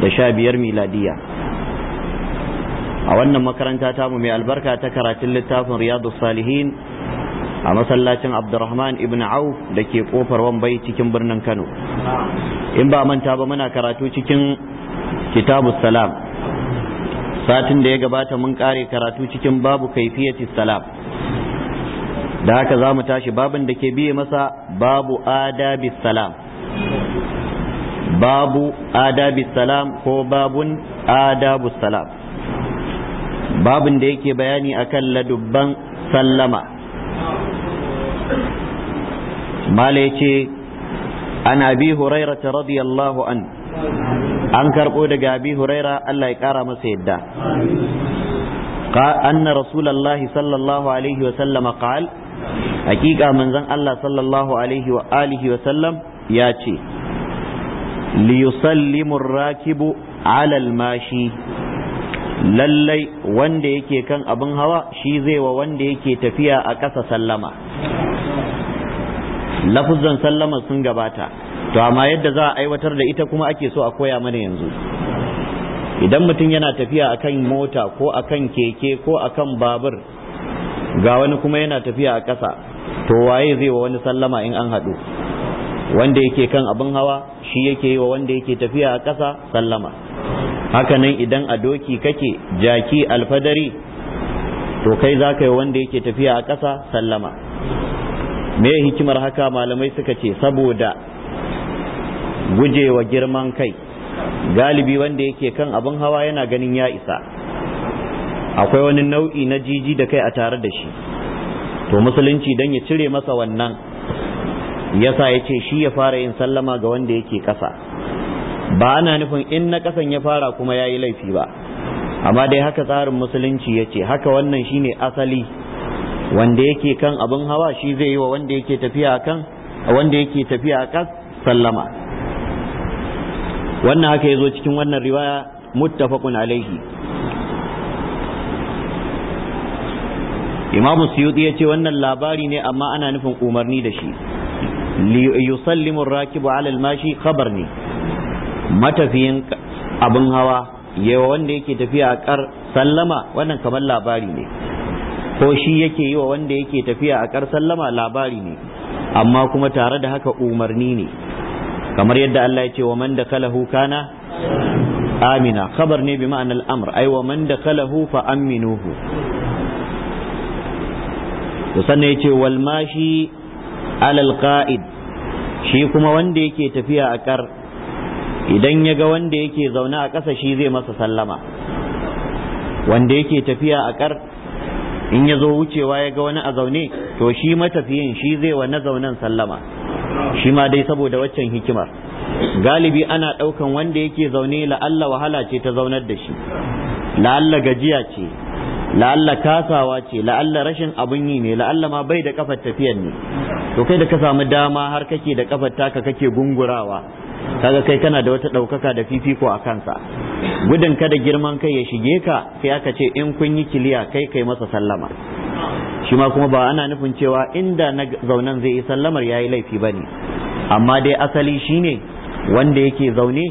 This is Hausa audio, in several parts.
da sha biyar miladiya a wannan makaranta tamu mai albarka ta karatun littafin riyadu salihin a masallacin abdurrahman ibn auf da ke kofar wambai cikin birnin kano in ba manta ba muna karatu cikin kitabu salam satin da ya gabata mun kare karatu cikin babu kaifiyati salam da haka za mu tashi babin da ke biye masa babu adabi salam babu adabi salam ko babun adabu salam babun da yake bayani akan ladubban sallama mala ce an abi huraira ta radiyallahu an an karɓo daga abi huraira Allah ya ƙara masa yadda أن رسول الله صلى الله عليه وسلم قال حقيقة من زن الله صلى الله عليه وآله وسلم ياتي liyusallimu rakibu alal mashi lallai wanda yake kan abin hawa shi zai wa wanda yake tafiya a ƙasa sallama lafuzan sallama sun gabata to amma yadda za a aiwatar da ita kuma ake so a koya mana yanzu idan mutum yana tafiya akan mota ko akan keke ko akan babur ga wani kuma yana tafiya a ƙasa to waye zai wa wani sallama in an haɗu wanda yake kan abin hawa shi yake yi wa wanda yake tafiya a ƙasa sallama hakanan idan a doki kake jaki alfadari to kai za ka yi wanda yake tafiya a ƙasa sallama me hikimar haka malamai suka ce saboda gujewa girman kai galibi wanda yake kan abin hawa yana ganin ya isa akwai wani nau'i na jiji da kai a tare da shi to musulunci don ya cire masa wannan yasa ya ce shi ya fara yin sallama ga wanda yake kasa ba ana nufin in na kasan ya fara kuma ya yi laifi ba amma dai haka tsarin musulunci ya ce haka wannan shine asali wanda yake kan abin hawa shi zai yi wa wanda yake tafiya kan wanda yake tafiya kas sallama wannan haka ya zo cikin wannan riwaya muttafaqun alaihi imamu suyuti ya ce wannan labari ne amma ana nufin umarni da shi yusallimu rakibu alal mashi khabar ne matafiyin abin hawa yawa wanda yake tafiya a kar sallama wannan kamar labari ne ko shi yake yi wa wanda yake tafiya a kar sallama labari ne amma kuma tare da haka umarni ne kamar yadda Allah ya ce wa man dakalahu kana amina khabar ne bi ma'anar amr ai wa man dakalahu fa aminuhu to sannan ya ce wal mashi alal qa'id shi kuma wanda yake tafiya a kar idan ya ga wanda yake zaune a ƙasa shi zai masa sallama wanda yake tafiya a kar in ya zo wucewa ya ga wani a zaune to shi matafiyin shi zai wa na zaunen sallama shi ma dai saboda waccan hikimar galibi ana ɗaukan wanda yake zaune la'alla wahala ce ta zaunar da shi la'alla gajiya ce la'alla kasawa ce la'alla rashin abun yi ne la'alla ma bai da kafar tafiyar ne to kai da ka samu dama har kake da kafar taka kake gungurawa kaga kai kana da wata ɗaukaka da fifiko a kansa gudun kada girman kai ya shige ka sai aka ce in kun yi kiliya kai kai masa sallama shi ma kuma ba ana nufin cewa inda na zaunan zai yi sallamar ya yi laifi ba ne amma dai asali shine wanda yake zaune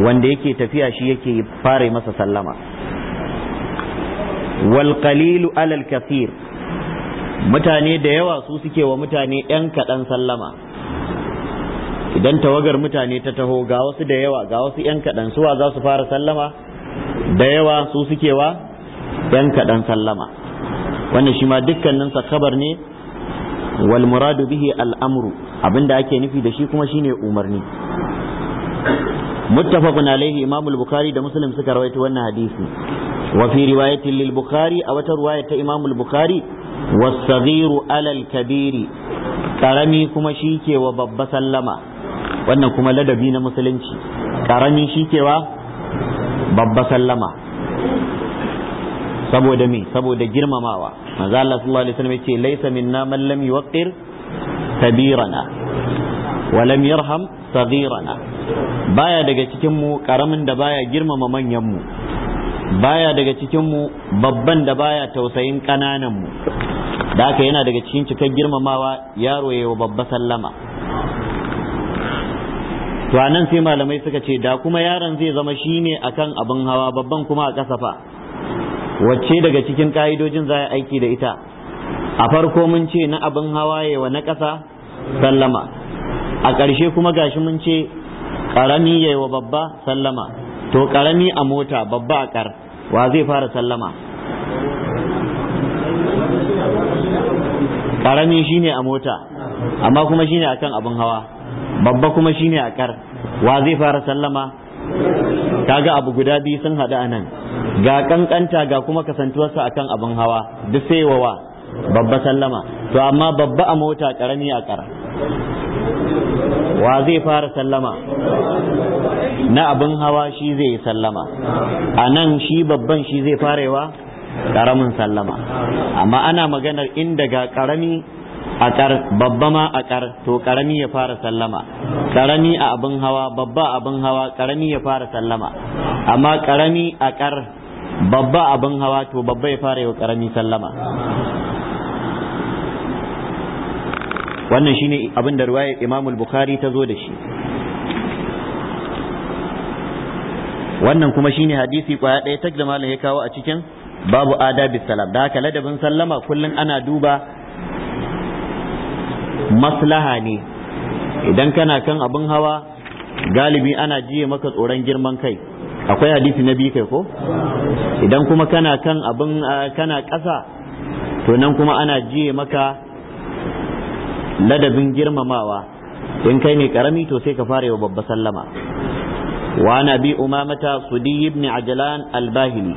wanda yake tafiya shi yake fara masa sallama wal qalilu alal kathir mutane da yawa su suke wa mutane yan kaɗan sallama idan tawagar mutane ta taho ga wasu da yawa ga wasu yan kaɗan suwa za su fara sallama da yawa su suke wa yan kaɗan sallama wannan shi ma dukkaninsa kabar ne wal muradu bihi al'amru abinda ake nufi da shi kuma shine umarni muttafaqun alaihi imam bukhari da muslim suka rawaito wannan hadisi وفي رواية للبخاري أو رواية إمام البخاري والصغير على الكبير كرمي كما شيكي وبب سلما وأن كما لدبين مسلمش كرمي شيكي وبب سلما سبو دمي سبو دجرم ماوا ماذا الله صلى الله عليه وسلم يقول ليس منا من لم يوقر كبيرنا ولم يرحم صغيرنا baya daga cikinmu karamin da baya girmama manyanmu baya daga cikinmu babban da baya tausayin ƙanananmu da aka yana daga cikin cikar girmamawa yaro ya wa babba sallama to nan sai malamai suka ce da kuma yaron zai zama shi shine akan abin hawa babban kuma a kasafa wacce daga cikin ka'idojin za a aiki da ita a farko mun ce na abin hawa ya wa na ƙasa sallama a ƙarshe kuma gashi mun ce ƙarami wa babba sallama to karami a mota babba a kar wa zai fara sallama karami shine a mota amma kuma shine akan abin hawa babba kuma shine a kar wa zai fara sallama kaga abu guda biyu sun haɗu a nan ga kankanta ga kuma kasantuwarsa akan abin hawa duk sai wawa babba sallama to amma babba a mota karami a kara wa zai fara sallama na abin hawa shi zai yi sallama a nan shi babban shi zai farewa karamin sallama amma ana maganar in daga karami a kar babba ma a kar to karami ya fara sallama karami a abin hawa babba abin hawa karami ya fara sallama amma karami a kar babba abin hawa to babba ya fara yi wa karami sallama wannan shine abin da riwayar Imam al-Bukhari ta zo da shi wannan kuma shine hadisi kwaya ɗaya tak da malam ya kawo a cikin babu adabi salam da haka ladabin sallama kullum ana duba maslaha ne idan kana kan abin hawa galibi ana jiye maka tsoron girman kai akwai hadisi na biyu kai ko idan kuma kana kan abin ah, kana ƙasa to nan kuma ana jiye maka ladabin girmamawa in kai ne karami to sai ka fara yau babba sallama wa na nabi umamata sudi ibn ajlan albahili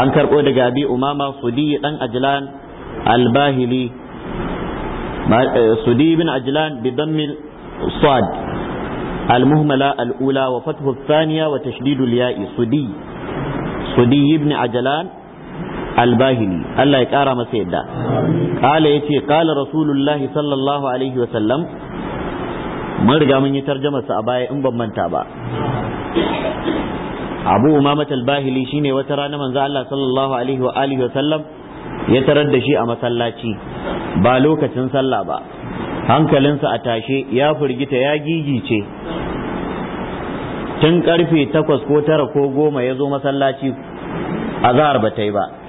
an karɓo daga bi umama sudi dan ajlan albahili eh, sudi ibn ajlan bi dammil sad المهملة الأولى وفتح الثانية وتشديد الياء سدي سدي بن عجلان albahili Allah ya ƙara masa yadda ƙala ya ce ƙala rasulullahi sallallahu alaihi sallam mun riga mun yi tarjamarsa a baya in ban manta ba abu umamat albahili shine wata rana manzo Allah sallallahu alaihi wa alihi ya tarar da shi a masallaci ba lokacin sallah ba hankalinsa a tashe ya firgita ya gigice tun karfe takwas ko tara ko goma ya zo masallaci azahar ba ta yi ba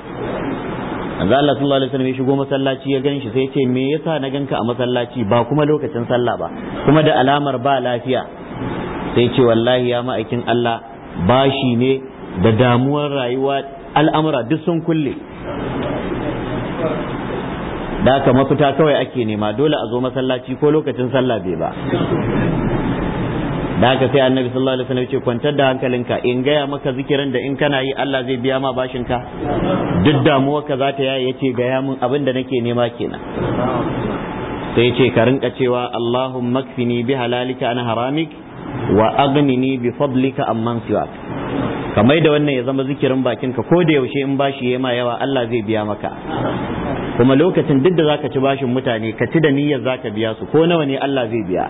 manzo Allah sallallahu alaihi wasallam ya shigo masallaci ya ganshi sai ya ce me yasa na ganka a masallaci ba kuma lokacin sallah ba kuma da alamar ba lafiya sai ce wallahi ya ma'aikin Allah bashi ne da damuwar rayuwa al'amura duk sun kulle da aka mafita kawai ake nema dole a zo masallaci ko lokacin sallah bai ba da haka sai annabi sallallahu alaihi wasallam ya ce kwantar da hankalinka in gaya maka zikirin da in kana yi Allah zai biya ma bashin ka duk damuwar ka za ta yaye yace gaya mun abin da nake nema kenan sai ce ka rinka cewa Allahumma kfini bi halalika an haramik wa aghnini bi fadlika amman siwak kamar da wannan ya zama zikirin bakinka ko da yaushe in bashi yema yawa Allah zai biya maka kuma lokacin duk da zaka ci bashin mutane ka ci da niyyar zaka biya su ko nawa ne Allah zai biya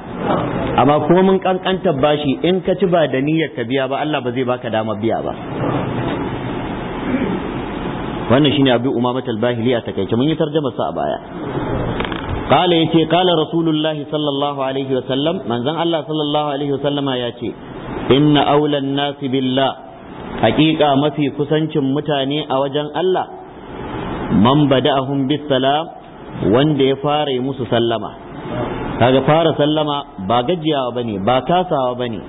amma kuma mun kankantar bashi in ka ci ba da niyyar ka biya ba Allah ba zai baka damar biya ba wannan shine abu umamat al a takaice mun yi tarjuma sa a baya قال يتي قال رسول الله صلى الله عليه وسلم من زن الله صلى الله عليه وسلم ياتي إن أولى الناس بالله حقيقة ما في كسنش متاني أوجن man bada'ahum bis salam wanda ya fara musu sallama kaga fara sallama ba gajiyawa bane ba kasawa bane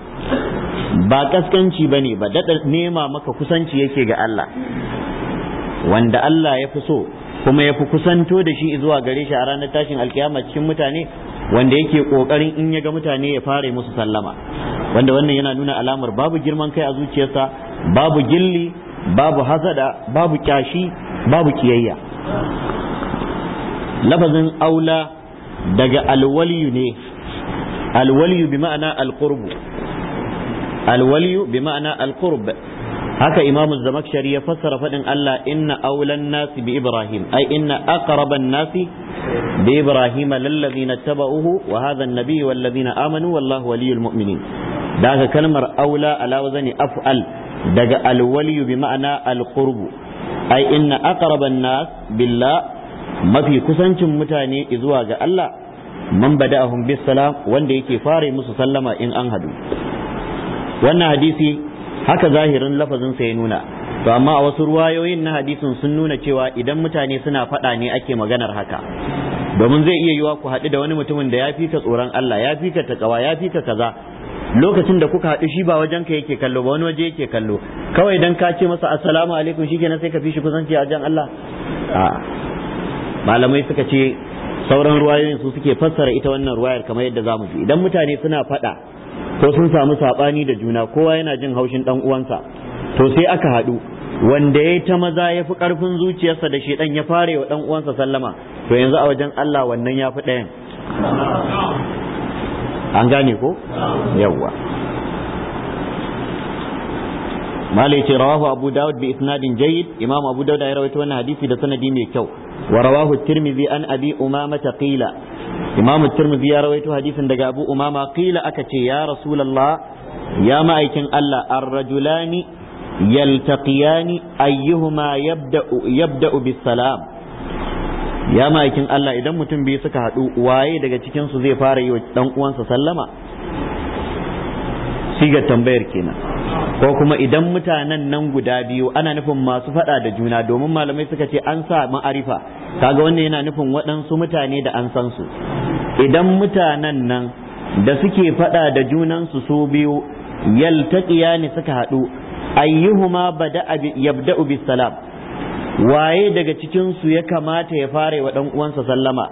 ba kaskanci bane ba daɗa nema maka kusanci yake ga Allah wanda Allah ya fi so kuma ya fi kusanto da shi zuwa gare shi a ranar tashin alkiyama cikin mutane wanda yake kokarin in ya ga mutane ya fara musu sallama wanda wannan yana nuna alamar babu girman kai a zuciyarsa babu gilli babu hazada, babu kyashi babu kiyayya lafazin aula daga alwaliyu ne alwaliyu bi ma'ana alqurbu alwaliyu bi ma'ana alqurb haka imamu zamakshari ya fassara faɗin Allah inna aulan nasi bi ibrahim ai inna aqraban nasi bi ibrahim lallazina taba'uhu wa hadha an-nabiy wallazina amanu wallahu waliyul mu'minin da haka kalmar aula ala wazani af'al daga alwaliyu bi ma'ana alqurbu ai inna an nas billah mafi kusancin mutane zuwa ga Allah man bada'ahum bis salam wanda yake fara musu sallama in an hadu wannan hadisi haka zahirin lafazin sa ya nuna to amma a wasu ruwayoyin na hadisin sun nuna cewa idan mutane suna faɗa ne ake maganar haka domin zai iya yiwa ku haɗu da wani mutumin da ya fi ka tsoron Allah ya fi ka takawa ya fi ka kaza lokacin da kuka haɗu shi ba wajen ka yake kallo ba wani waje yake kallo kawai dan ka ce masa assalamu alaikum shi kenan sai ka fi shi kusanci a jan Allah malamai suka ce sauran ruwayoyin su suke fassara ita wannan ruwayar kamar yadda zamu ji idan mutane suna faɗa ko sun samu sabani da juna kowa yana jin haushin dan uwansa to sai aka haɗu wanda ya ta maza ya fi ƙarfin zuciyarsa da shi ya fare wa dan uwansa sallama to yanzu a wajen Allah wannan ya fi ɗayan an gane ko yawwa malai ce rawahu abu dawud bi isnadin jayyid imam abu dawud ya rawaito wannan hadisi da sanadi mai kyau wa rawahu tirmidhi an abi umama Taqila. imam tirmidhi ya rawaito hadisin daga abu umama qila aka ce ya rasulullah ya ma'aikin Allah ar-rajulani yaltaqiyani ayyuhuma yabda yabda bis salam ya ma'aikin Allah idan mutum biyu suka haɗu waye daga cikinsu zai fara yi wa ɗan uwansa sallama iga tambayar kenan ko kuma idan mutanen nan guda biyu ana nufin masu faɗa da juna domin malamai suka ce an sa ma'arifa kaga wannan yana nufin waɗansu mutane da an san su idan mutanen nan da suke faɗa da junansu su biyu yaltaqiya ne suka haɗu ayyuhuma bada yabda'u bis salam waye daga cikinsu ya kamata ya fare wa uwansa sallama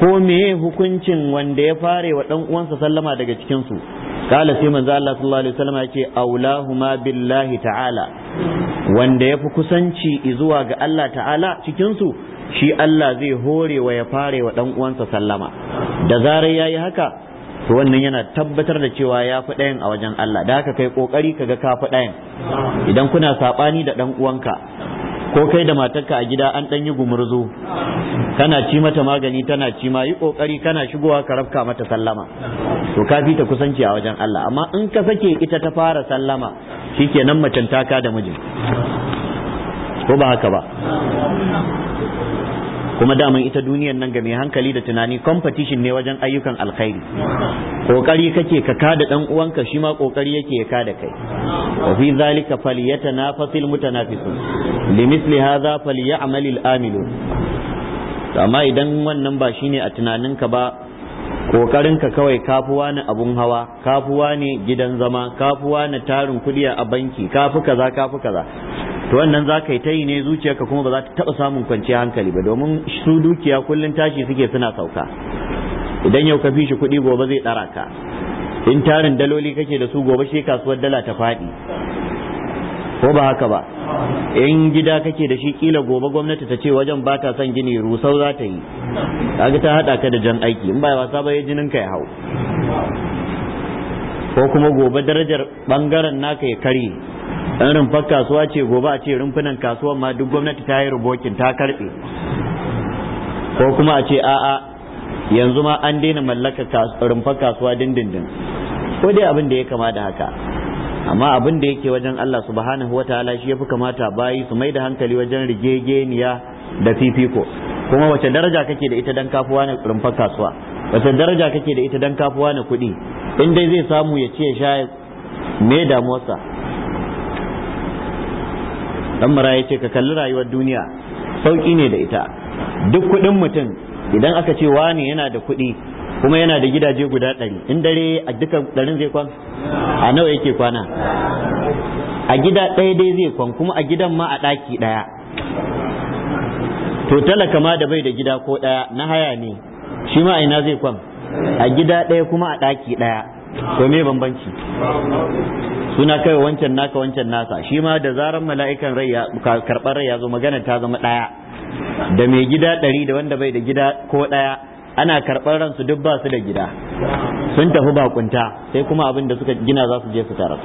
ko meye hukuncin wanda ya fare wa uwansa sallama daga cikinsu kala sai manzo Allah sallallahu alaihi wasallam yake aulahuma billahi ta'ala wanda ya fi kusanci zuwa ga Allah ta'ala cikinsu shi Allah zai hore wa ya fare wa uwansa sallama da zarar yayi haka to wannan yana tabbatar da cewa ya fi ɗayan a wajen Allah da haka kai kokari kaga ka fi ɗayan idan kuna saɓani da ɗan uwanka ko kai da matarka a gida an ɗan yi gumurzu kana ci mata magani tana ci ma yi ƙoƙari kana shigowa ka rafka mata sallama to ka fi ta kusanci a wajen Allah amma in ka sake ita ta fara sallama nan macen taka da mijin ko ba haka ba kuma daman ita duniyar nan ga mai hankali da tunani competition ne wajen ayyukan alkhairi kokari kake ka kada dan uwanka shi ma kokari yake ya kada kai wa fi zalika falyatanafasil mutanafisun limithli hadha falyamalil amilu amma idan wannan ba shine a tunaninka ba ka kawai kafuwa ne abun hawa kafuwa ne gidan zama kafuwa na tarin kuɗi a banki kafu kaza kafu kaza to wannan za ka yi ta yi ne zuciyarka kuma ba za ta taɓa samun kwanciyar hankali ba domin su dukiya kullum tashi suke suna sauka idan yau ka fi shi kuɗi gobe zai ɗara ka in tarin daloli kake da su gobe shi kasuwar dala ta faɗi ko ba haka ba in gida kake da shi kila gobe gwamnati ta ce wajen ba ta son gini rusau za ta yi kaga ta hada ka da jan aiki in ba wasa ba ya jinin ka ya hau ko kuma gobe darajar bangaren naka ya kare Dan rumfar kasuwa ce gobe a ce rumfunan kasuwan ma duk gwamnati ta yi rubokin ta karbe ko kuma a ce a'a yanzu ma an daina mallaka rumfar kasuwa dindindin ko dai abin da ya kama da haka amma abin da yake wajen Allah subhanahu wa ta'ala shi yafi kamata bayi su mai da hankali wajen rigegeniya da fifiko kuma wace daraja kake da ita dan kafuwa ne rumfar kasuwa wace daraja kake da ita dan kafuwa ne kuɗi in dai zai samu ya ce sha me motsa dan mara ya ce ka kalli rayuwar duniya sauki ne da ita duk kuɗin mutum idan aka ce wani yana da kuɗi kuma yana da gidaje guda ɗari in dare a duka ɗarin zai kwan a nawa yake kwana a gida ɗaya dai zai kwan kuma a gidan ma a ɗaki ɗaya to talaka kama da bai da gida ko ɗaya na haya ne shi ma ina zai kwan a gida ɗaya kuma a ɗaki ɗaya to me bambanci suna kai wancan naka wancan nasa shi ma da zaran mala'ikan rai ya karɓar rai ya zo magana ta zama ɗaya da mai gida ɗari da wanda bai da gida ko ɗaya ana karɓar ransu duk ba su da gida sun tafi bakunta sai kuma abin da suka gina za su je su tara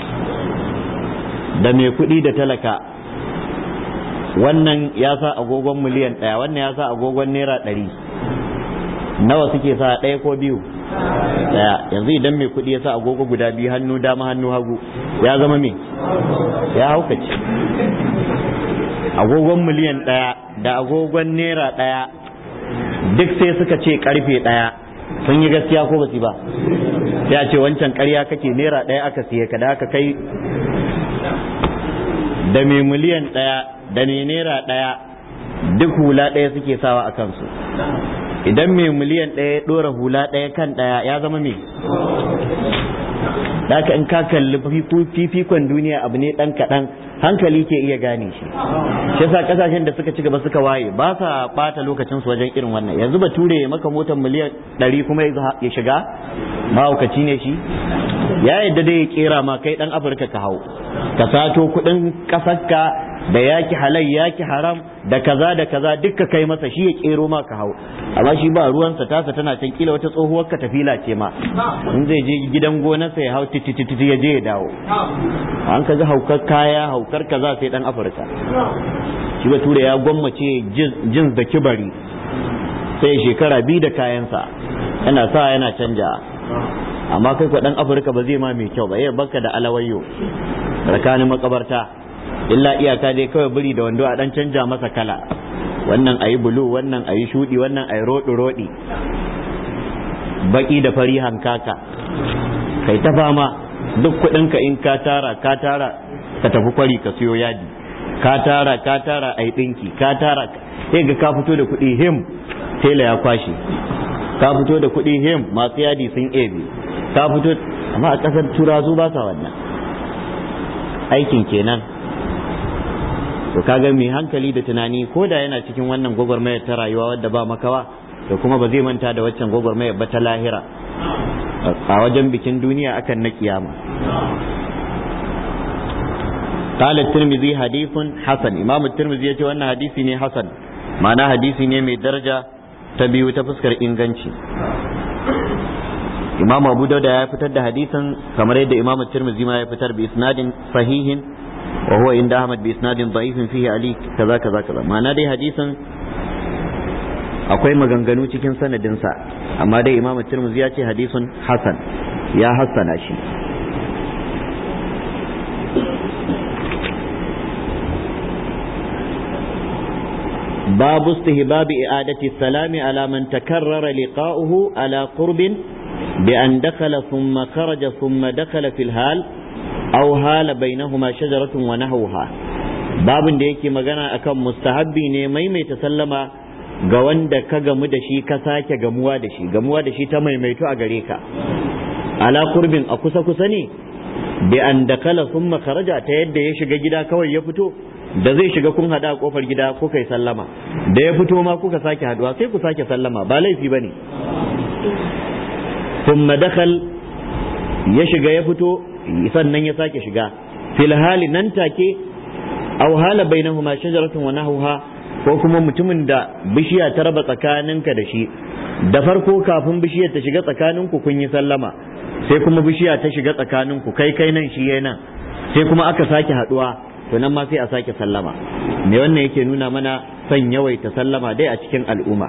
da mai kuɗi da talaka wannan ya sa agogon miliyan ɗaya wannan ya sa agogon naira ɗari nawa suke sa ɗaya ko biyu ɗaya yanzu idan mai kuɗi ya sa agogo guda biyu hannu dama hannu hagu ya zama me ya haukace agogon miliyan ɗaya da agogon naira ɗaya duk sai suka ce karfe daya sun yi gaskiya ko ba su ba ya ce wancan karya kake naira daya aka siye ka da aka kai da mai miliyan daya da mai naira daya duk hula daya suke sawa a kansu idan mai miliyan daya ya ɗora hula daya kan daya ya zama mai da in ka kalli fifikon duniya abu ne dan kaɗan hankali ke iya gane shi shi sa kasashen da suka ci gaba suka waye ba sa bata lokacin su wajen irin wannan yanzu bature ya maka motar miliyan ɗari kuma ya shiga mahaukaci ne shi ya yadda dai ya kera ma kai dan afirka ka hau ka sato kuɗin kasarka da yaki halal yaki haram da kaza da kaza dukka kai masa shi ya kero ma ka hau amma shi ba ruwan sa tasa tana can kila wata tsohuwar ka tafila ce ma in zai je gidan gonarsa ya hau titi ya je ya dawo an ka ga haukar kaya haukar kaza sai dan afirka shi tura ya gwammace jins da kibari sai shekara biyu da kayansa yana sa yana canja amma kai kwa dan afirka ba zai ma mai kyau ba ya baka da alawayyo tsakanin makabarta illa iyaka dai kawai biri da wando a dan canja masa kala wannan ayi bulu wannan ayi shudi wannan ayi rodi rodi baki da fari hankaka kai ta fama duk ka in ka tara ka tara ka tafi kwari ka siyo yadi ka tara ka tara ayi dinki ka tara sai ga ka fito da kuɗi him tela ya kwashe ka fito da kuɗi him masu yadi sun ebe ka fito amma a ƙasar turazu ba sa wannan aikin kenan to ga mai hankali da tunani ko da yana cikin wannan gwagwarmayar ta rayuwa wadda ba makawa to kuma ba zai manta da waccan gwagwarmayar ba ta lahira a wajen bikin duniya akan na kiyama قال الترمذي حديث حسن امام الترمذي yace wannan hadisi ne hasan ma'ana hadisi ne mai daraja ta biyu ta fuskar inganci imam abu ya fitar da hadisin kamar yadda imam tirmidhi ma ya fitar bi isnadin sahihin وهو عند أحمد بإسناد ضعيف فيه علي كذا كذا كذا معنى دي حديثا akwai maganganu cikin sanadinsa amma dai imam tirmidhi ya ce hadisun hasan ya hassana shi باب استهباب إعادة السلام على من تكرر لقاؤه على قرب بأن دخل ثم خرج ثم دخل في الهال aw hala bainahuma shajaratun wa Hauha babin da yake magana akan mustahabbi ne maimaita sallama ga wanda ka gamu da shi ka sake gamuwa da shi gamuwa da shi ta maimaito a gare ka ala kurbin a kusa kusa ne bi an dakala makaraja kharaja ta yadda ya shiga gida kawai ya fito da zai shiga kun hada a kofar gida kuka yi sallama da ya fito ma kuka sake haduwa sai ku sake sallama ba laifi bane thumma dakhal ya shiga ya fito sannan ya sake shiga fil hali nan take aw hala bainahuma shajaratun wa nahwaha ko kuma mutumin da bishiya ta raba tsakaninka da shi da farko kafin bishiyar ta shiga tsakaninku kun yi sallama sai kuma bishiya ta shiga tsakaninku kai kai nan shi yayi nan sai kuma aka sake haduwa to nan ma sai a sake sallama me wannan yake nuna mana son yawaita sallama dai a cikin al'umma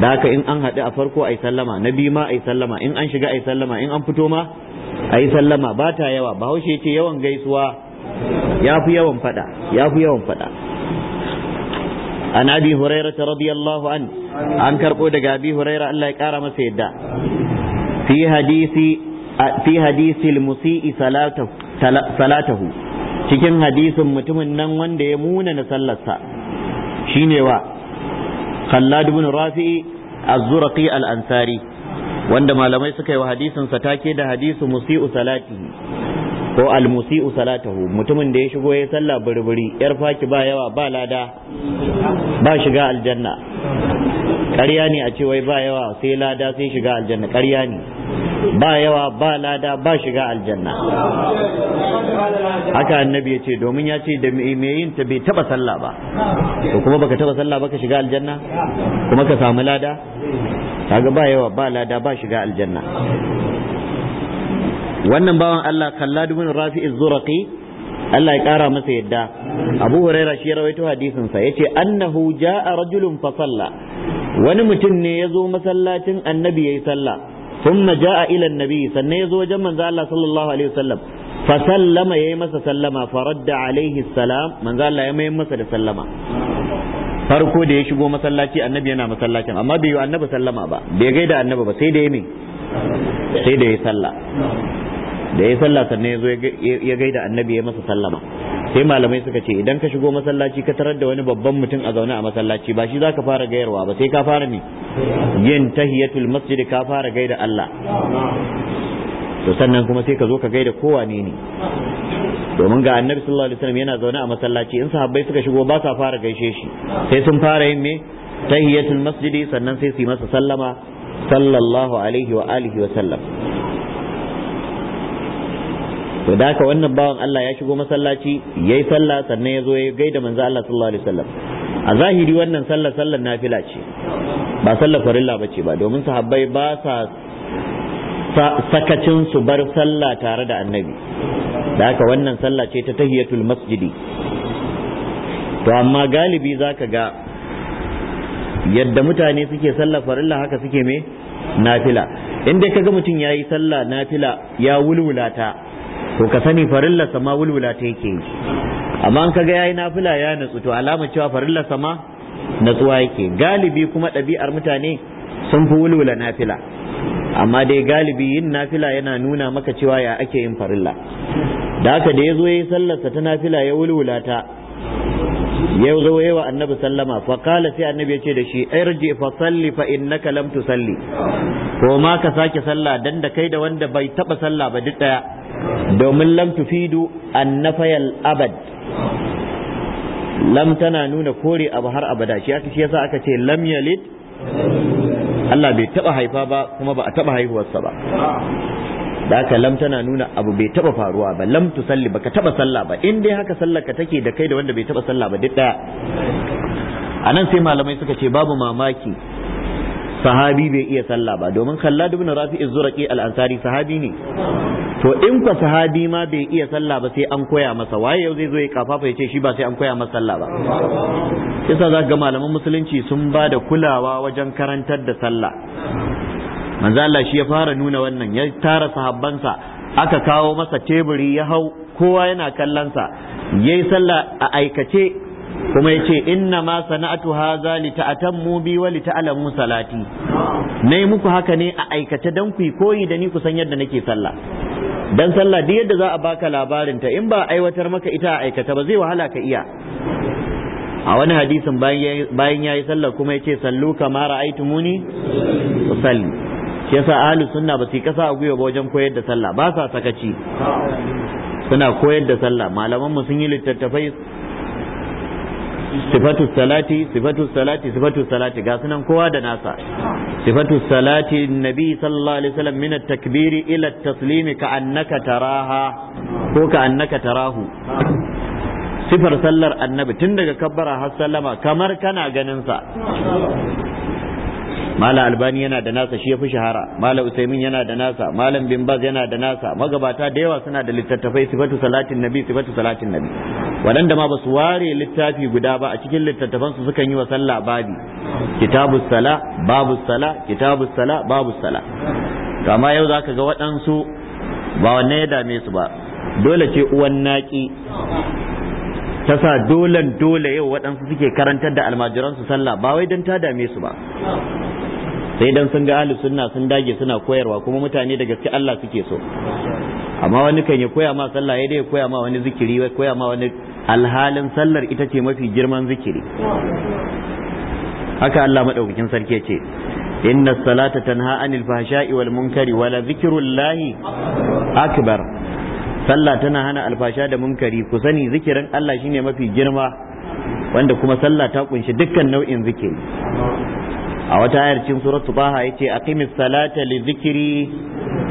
da haka in an haɗu a farko ai sallama na biyu ma ai sallama in an shiga ai sallama in an fito ma a yi sallama ba ta yawa ba bahaushe ce yawan gaisuwa ya fi yawan fada ya fi yawan fada an abi huraira ta radiyallahu an an karɓo daga abi huraira Allah ya ƙara masa yadda fi hadisi fi hadisi salatahu cikin hadisin mutumin nan wanda ya muna na sallarsa shine wa khallad ibn rafi'i az-zurqi al-ansari wanda malamai suka yi wa hadisin sa take da hadisu musi'u salati ko al-musi'u salatahu mutumin da ya shigo ya sallah burburi yar faki ba yawa ba lada ba shiga aljanna ƙarya ne a ce wai ba yawa sai lada sai shiga aljanna ƙarya ne ba yawa ba lada ba shiga aljanna haka annabi ya ce domin ya ce da me yin ta bai taba sallah ba ko kuma baka taba sallah ba ka shiga aljanna kuma ka samu lada kaga ba yawa ba lada ba shiga aljanna wannan bawan Allah kallad ibn rafi az Allah ya kara masa yadda Abu Huraira shi ya rawaito hadisin sa yace annahu jaa rajulun fa salla wani mutum ne ya zo masallacin annabi yayi sallah thumma jaa ila annabi sanne ya zo wajen manzo Allah sallallahu alaihi wasallam fa sallama yayi masa sallama faradda alaihi salam manzo Allah ya mai masa da sallama farko da ya shigo masallaci annabi yana masallacin amma bai yi annabi sallama ba bai gaida annabi ba sai da ya ne sai da ya sallah da ya sallah sannan ya zo ya gaida annabi ya masa sallama sai malamai suka ce idan ka shigo masallaci ka tarar da wani babban mutum a zaune a masallaci ba shi za ka fara gayarwa ba sai ka fara ne yin tahiyatul masjid ka fara gaida Allah to sannan kuma sai ka zo ka gaida ne ne domin ga annabi sallallahu alaihi wasallam yana zaune a masallaci in sahabbai suka shigo ba sa fara gaishe shi sai sun fara yin me tahiyatul masjidi sannan sai su yi masa sallama sallallahu alaihi wa alihi wa sallam to da ka wannan bawan Allah ya shigo masallaci yayi sallah sannan ya zo ya gaida manzo Allah sallallahu alaihi wasallam a zahiri wannan sallar sallar nafila ce ba sallar farilla bace ba domin sahabbai ba sa sakacin su bar sallah tare da annabi da haka wannan sallah ce ta tahiyatul masjidi to amma galibi zaka ga yadda mutane suke sallah farilla haka suke me nafila in ka kaga mutum yayi sallah nafila ya wulwula to ka sani farilla sama wulwula yake yi amma an kaga yayi nafila ya natsu to alama cewa farilla sama natsuwa yake galibi kuma ɗabi'ar mutane sun fi wulwula nafila amma dai galibi yin nafila yana nuna maka cewa ya ake yin farilla da haka da ya zo ya yi sallarsa ta nafila ya wulwula ta ya zo wa annabi sallama fa kala sai annabi ya ce da shi irji fa salli fa innaka lam tusalli ko ma ka sake sallah dan da kai da wanda bai taba sallah ba duk daya domin lam tufidu annafayal abad lam tana nuna kore abu har abada shi aka aka ce lam yalid Allah bai taba haifa ba kuma ba a taba haihuwarsa ba da haka lam tana nuna abu bai taba faruwa ba lam tu salli baka taba sallah ba in dai haka sallar ka take da kai da wanda bai taba sallah ba duk daya anan sai malamai suka ce babu mamaki sahabi bai iya sallah ba domin khallad ibn rafi az-zurqi al-ansari sahabi ne to in ka sahabi ma bai iya sallah ba sai an koya masa waye yau zai zo ya kafafa ya ce shi ba sai an koya masa sallah ba yasa za ga malaman musulunci sun ba da kulawa wajen karantar da sallah manzo Allah shi ya fara nuna wannan ya tara sahabbansa aka kawo masa teburi ya hau kowa yana kallonsa yayi sallah a aikace kuma yace inna ma sana'atu haza li ta'tammu bi wa li ta'lamu salati nayi muku haka ne a aikata dan ku koyi da ni ku san yadda nake sallah dan sallah duk yadda za a baka labarin ta in ba aiwatar maka ita a aikata ba zai wahala ka iya a wani hadisin bayan yayi sallah kuma yace sallu kama ra'aytumuni usalli yasa ahli sunna ba su kasa a gwiwa ba wajen koyar da sallah ba sa sakaci suna koyar da sallah malaman mu sun yi littattafai sifatu salati sifatu salati sifatu salati ga sunan kowa da nasa sifatu salati nabi sallallahu alaihi wasallam min at-takbir ila at-taslim ka annaka taraha ko ka annaka tarahu sifar sallar annabi tun daga kabbara har sallama kamar kana ganin sa mala albani yana da nasa shi ya fi shahara mala usaimin yana da nasa malam bin baz yana da nasa magabata da yawa suna da littattafai sifatu salatin nabi sifatu salatin nabi waɗanda ma basu ware littafi guda ba a cikin littattafan su sukan yi wa sallah babi kitabus sala babus sala kitabus sala babus sala to amma yau zaka ga waɗansu ba wanne ya dame su ba dole ce uwan naki ta sa dolan dole yau waɗansu suke karantar da almajiransu sallah ba wai don ta dame su ba sai dan sun ga ahli sunna sun dage suna koyarwa kuma mutane da gaske Allah suke so amma wani kan ya koya ma sallah ya dai koya ma wani zikiri ya koya ma wani alhalin sallar ita ce mafi girman zikiri haka Allah madaukakin sarki ya ce inna salata tanha anil fahsha'i wal munkari wala zikrullahi akbar sallah tana hana alfasha da munkari ku sani zikirin Allah shine mafi girma wanda kuma sallah ta kunshi dukkan nau'in zikiri a wata ayar cin suratu baha yace a salata li dhikri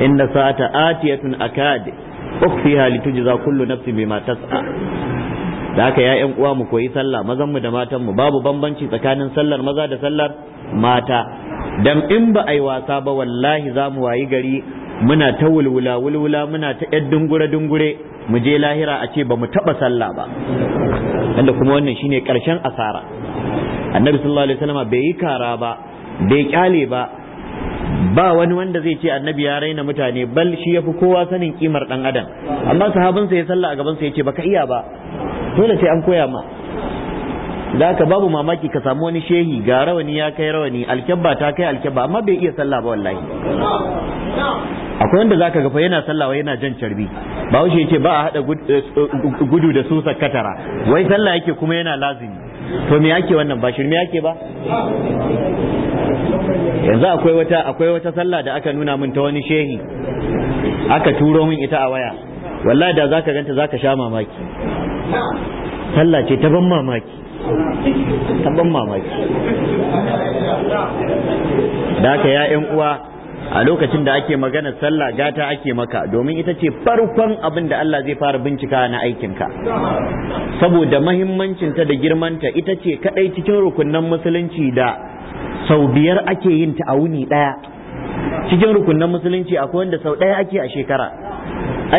inna sa'ata atiyatun halittu ji za kullu nafsin bima tas'a da haka ya yan uwa mu koyi sallah mazanmu da matanmu babu bambanci tsakanin sallar maza da sallar mata dan in ba a yi wasa ba wallahi za mu wayi gari muna ta wulwula wulwula muna ta yar dungure dungure mu je lahira a ce ba mu taba sallah ba wanda kuma wannan shine karshen asara annabi sallallahu alaihi wasallam bai yi kara ba bai kyale ba ba wani wanda zai ce annabi ya raina mutane bal shi yafi kowa sanin kimar dan adam amma sahabinsa ya sallah a gaban sa yace baka iya ba dole sai an koya ma da haka babu mamaki ka samu wani shehi ga rawani ya kai rawani alkyabba ta kai alkyabba amma bai iya sallah ba wallahi akwai wanda zaka ga fa yana sallah wai yana jan carbi ba wuce yace ba a hada eh, gudu da susa katara wai sallah yake kuma yana lazimi to me yake wannan ba shirme yake ba yanzu akwai wata akwai wata sallah da aka nuna min ta wani shehi aka turo min ita a waya wallahi da zaka ganta zaka sha mamaki sallah ce ta ban mamaki ta ban mamaki da ka ya yan uwa a lokacin da ake magana sallah gata ake maka domin ita ce farkon abin da Allah zai fara bincika na aikinka saboda mahimmancinta da girmanta ita ce kadai cikin rukunnan musulunci da sau biyar ake yin ta a wuni daya cikin rukunnan musulunci akwai wanda sau daya ake a shekara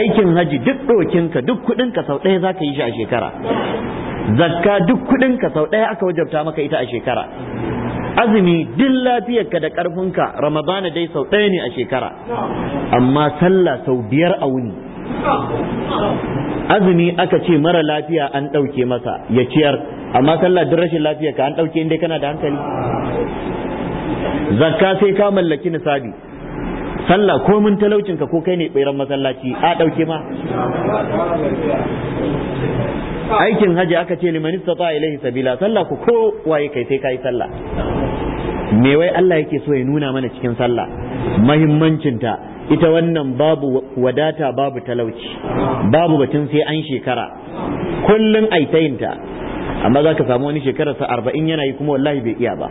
aikin haji duk ɗokinka duk kudinka sau ɗaya zaka yi shi a shekara zakka duk kudinka sau ɗaya aka wajabta maka ita a shekara azumi duk lafiyarka da ƙarfinka ramadana dai sau ɗaya ne a shekara amma sallah sau biyar a wuni azumi aka ce mara lafiya an ɗauke masa ya ciyar amma sallah duk rashin lafiya an ɗauke inda kana da hankali zakka sai ka mallaki nisabi sallah ko mun ka ko kai ne ɓeran masallaci a ɗauke ma aikin haji aka ce liman istata ilaihi sabila sallah ku ko waye kai sai kai sallah me wai Allah yake so ya nuna mana cikin sallah mahimmancinta ita wannan babu wadata babu talauci babu batun sai an shekara kullum aitayinta amma za ka samu wani shekarar sa arba'in yana yi kuma wallahi bai iya ba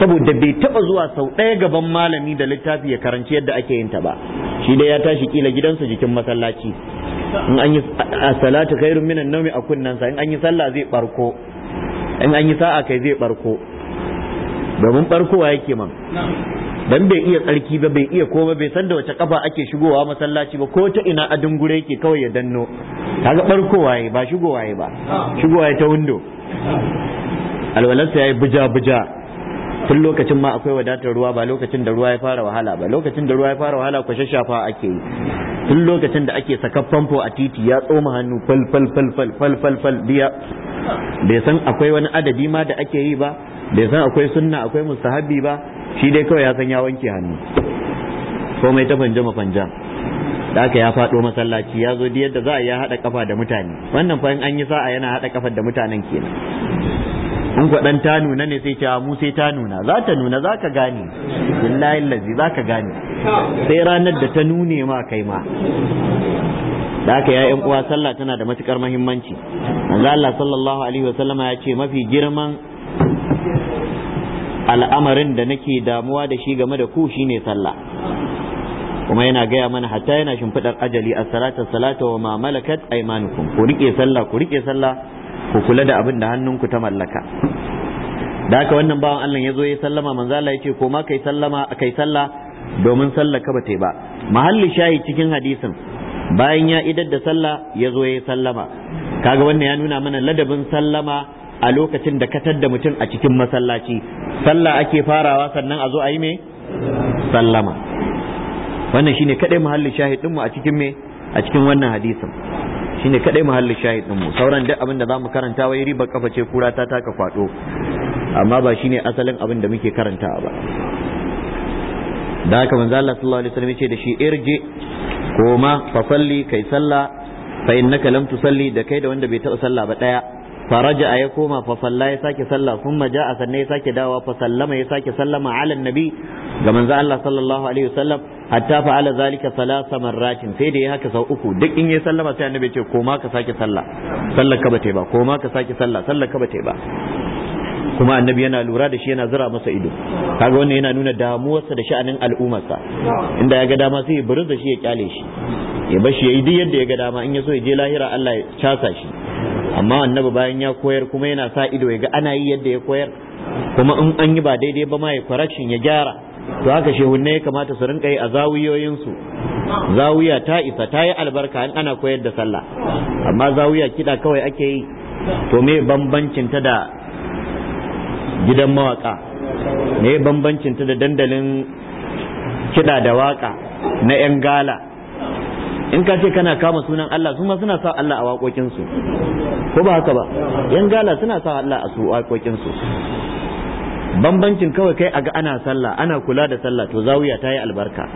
saboda bai taba zuwa sau ɗaya gaban malami da littafi ya karanci yadda ake yin ta ba shi dai ya tashi kila gidansa jikin masallaci in an yi salatu khairun minan nawmi a kunnansa in an yi sallah zai barko in an yi sa'a kai zai barko domin barkowa yake man dan bai iya tsarki ba bai iya koma bai san da wace kafa ake shigowa masallaci ba ko ta ina a dungure yake kawai ya danno kaga barkowa ba shigowa ba shigowa ta window Alwalasa ya yi buja-buja tun lokacin ma akwai wadatar ruwa ba lokacin da ruwa ya fara wahala ba lokacin da ruwa ya fara wahala ku shashafa ake yi tun lokacin da ake saka famfo a titi ya tsoma hannu fal fal fal fal fal fal fal biya bai san akwai wani adadi ma da ake yi ba bai san akwai sunna akwai mustahabbi ba shi dai kawai ya san ya wanke hannu komai ta fanja mafanja da aka ya faɗo masallaci ya zo yadda za a ya haɗa kafa da mutane wannan fa in an yi sa'a yana haɗa kafar da mutanen kenan in dan ta nuna ne sai ce a mu sai ta nuna za ta nuna za ka gane billahi lazi za ka gane sai ranar da ta nune ma kai ma da haka yayin uwa sallah tana da matukar muhimmanci manzo Allah sallallahu alaihi wasallama ya ce mafi girman al'amarin da nake damuwa da shi game da ku shine sallah kuma yana gaya mana hatta yana shimfidar ajali as-salata salata wa ma malakat aymanukum ku rike sallah ku rike sallah ku kula da abin da hannunku ta mallaka da haka wannan bawan Allah ya zo ya sallama manzo Allah yace ko ma kai sallama kai sallah domin sallah ka bata ba mahalli shayi cikin hadisin bayan ya idar da sallah ya zo ya sallama kaga wannan ya nuna mana ladabin sallama a lokacin da katar da mutum a cikin masallaci sallah ake farawa sannan a zo a yi me sallama wannan shine kadai mahalli shahidin mu a cikin me a cikin wannan hadisin shine kadai muhallin shahid din mu sauran duk abin da zamu karanta wai riba kafa ce kura ta taka kwado amma ba shine asalin abin da muke karanta ba da haka manzo Allah sallallahu alaihi wasallam ya ce da shi irji koma fa salli kai salla fa innaka lam tusalli da kai da wanda bai taɓa sallah ba daya faraja ya koma fa ya sake sallah kuma a sannan ya sake dawa fa ya sake sallama ala nabi ga manzo Allah sallallahu alaihi wasallam hatta fa'ala zalika salasa marratin sai da ya haka sau uku duk in ya sallama sai annabi ya ce koma ka sake sallah sallar ka bate ba koma ka sake sallah sallar ka bate ba kuma annabi yana lura da shi yana zura masa ido kaga wannan yana nuna damuwarsa da sha'anin al'ummarsa inda ya ga dama sai ya buruz da shi ya kyale shi ya bar shi yi duk yadda ya ga dama in ya so ya je lahira Allah ya casa shi amma annabi bayan ya koyar kuma yana sa ido ya ga ana yi yadda ya koyar kuma in an yi ba daidai ba ma ya correction ya gyara to haka shehunne ya kamata su rinka yi a su zawiya ta isa ta yi albarka in ana koyar da sallah amma zawiya kiɗa kawai ake yi to me bambancin ta da gidan mawaka me bambancin ta da dandalin kiɗa da waka na 'yan gala in ka ce kana kama sunan Allah su ma suna sa Allah a waƙoƙin su ko ba haka ba yan gala suna sa Allah a su waƙoƙin su bambancin kawai kai aga ana sallah ana kula da sallah to zawiya ta yi albarka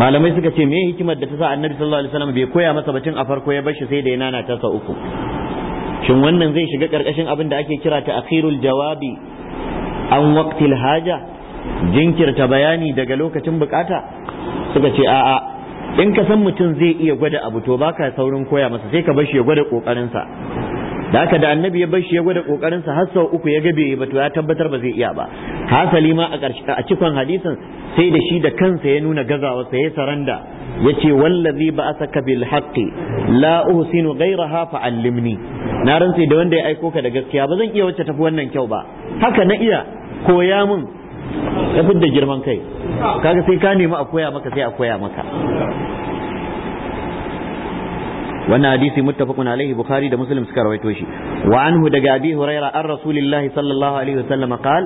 malamai suka ce me hikimar da ta sa annabi sallallahu alaihi wasallam bai koya masa batun a farko ya bar shi sai da ya nana ta sa uku shin wannan zai shiga karkashin abin da ake kira ta akhirul jawabi an waqtil haja jinkirta bayani daga lokacin bukata suka ce a'a in ka san mutum zai iya gwada abu to baka saurin koya masa sai ka bar shi ya gwada kokarinsa da haka da annabi ya bar shi ya gwada kokarinsa har sau uku ya gabe ba to ya tabbatar ba zai iya ba hasali ma a ƙarshe a cikon hadisin sai da shi da kansa ya nuna gazawa sai ya saranda yace ce wallazi ba asaka bil haqqi la uhsinu ghayraha fa allimni na rantsi da wanda ya aiko ka da gaskiya ba zan iya wacce tafi wannan kyau ba haka na iya koya mun ya fidda girman kai kaga sai ka nemi a koya maka sai a koya maka wannan hadisi muttafaqun alaihi bukhari da muslim suka rawaito shi wa anhu daga abi huraira an rasulillahi sallallahu alaihi wasallam qal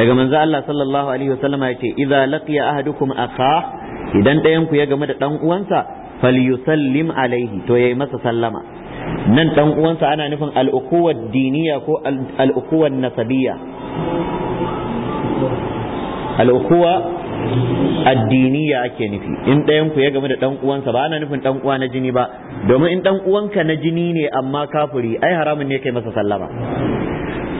daga manzo Allah sallallahu alaihi wasallam yace idza laqiya ahadukum akha idan dayan ku ya game da dan uwansa falyusallim alaihi to yayi masa sallama nan dan uwansa ana nufin al-uquwa diniya ko al-uquwa nasabiyya al'ukuwa addiniya ake nufi in ɗayan ku ya game da ɗan uwansa ba ana nufin ɗan uwa na jini ba domin in ɗan uwanka na jini ne amma kafuri ai haramun ne kai masa sallama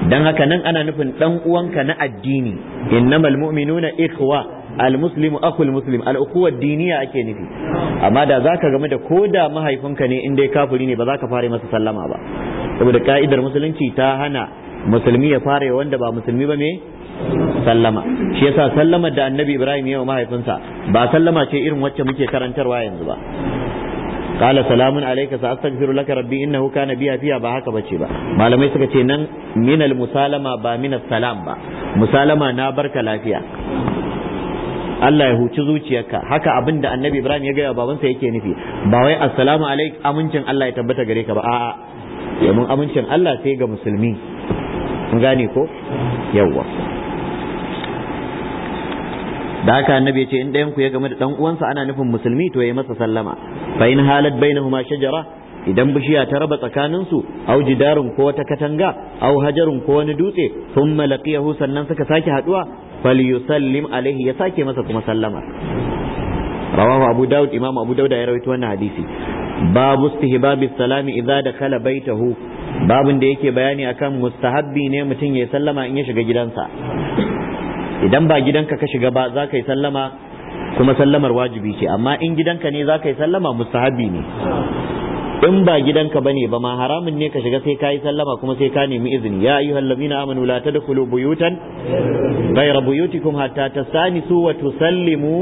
dan haka nan ana nufin ɗan uwanka na addini innamal mu'minuna ikhwa المسلم أخو المسلم الأخوة الدينية ake nufi amma da zaka game da ko da mahaifinka ne in dai kafiri ne ba za ka fara masa sallama ba saboda ka'idar musulunci ta hana musulmi ya fara wanda ba musulmi ba me sallama shi yasa sallamar da annabi ibrahim ya mahaifinsa ba sallama ce irin wacce muke karantarwa yanzu ba qala salamun alayka sa astaghfiru laka rabbi innahu kana biya fiya ba haka bace ba malamai suka ce nan minal musalama ba minas salam ba musalama na barka lafiya Allah ya huci zuciyarka haka abin da annabi Ibrahim ya gaya babansa yake nufi ba wai assalamu alaik amincin Allah ya tabbata gare ka ba a'a yamin amincin Allah sai ga musulmi gane ko yawwa da haka annabi ce in ɗayan ku ya game da dan uwansa ana nufin musulmi to yayi masa sallama fa in halat bainahuma shajara idan bishiya ta raba tsakanin su au jidarun ko wata katanga au hajarun ko wani dutse thumma laqiyahu sannan suka sake haduwa falyusallim alaihi ya sake masa kuma sallama rawahu abu daud imam abu daud ya rawaito wannan hadisi babu istihbabi salami idza dakhala baitahu babin da yake bayani akan mustahabbi ne mutum ya sallama in ya shiga gidansa idan ba gidanka ka shiga ba za ka yi sallama kuma sallamar wajibi ce amma in gidanka ne za ka yi sallama mustahabi ne in ba gidanka bane ba ma haramun ne ka shiga sai ka yi sallama kuma sai ka nemi izini ya ayyuhal ladina amanu la tadkhulu buyutan ghayra buyutikum hatta tastanisu wa tusallimu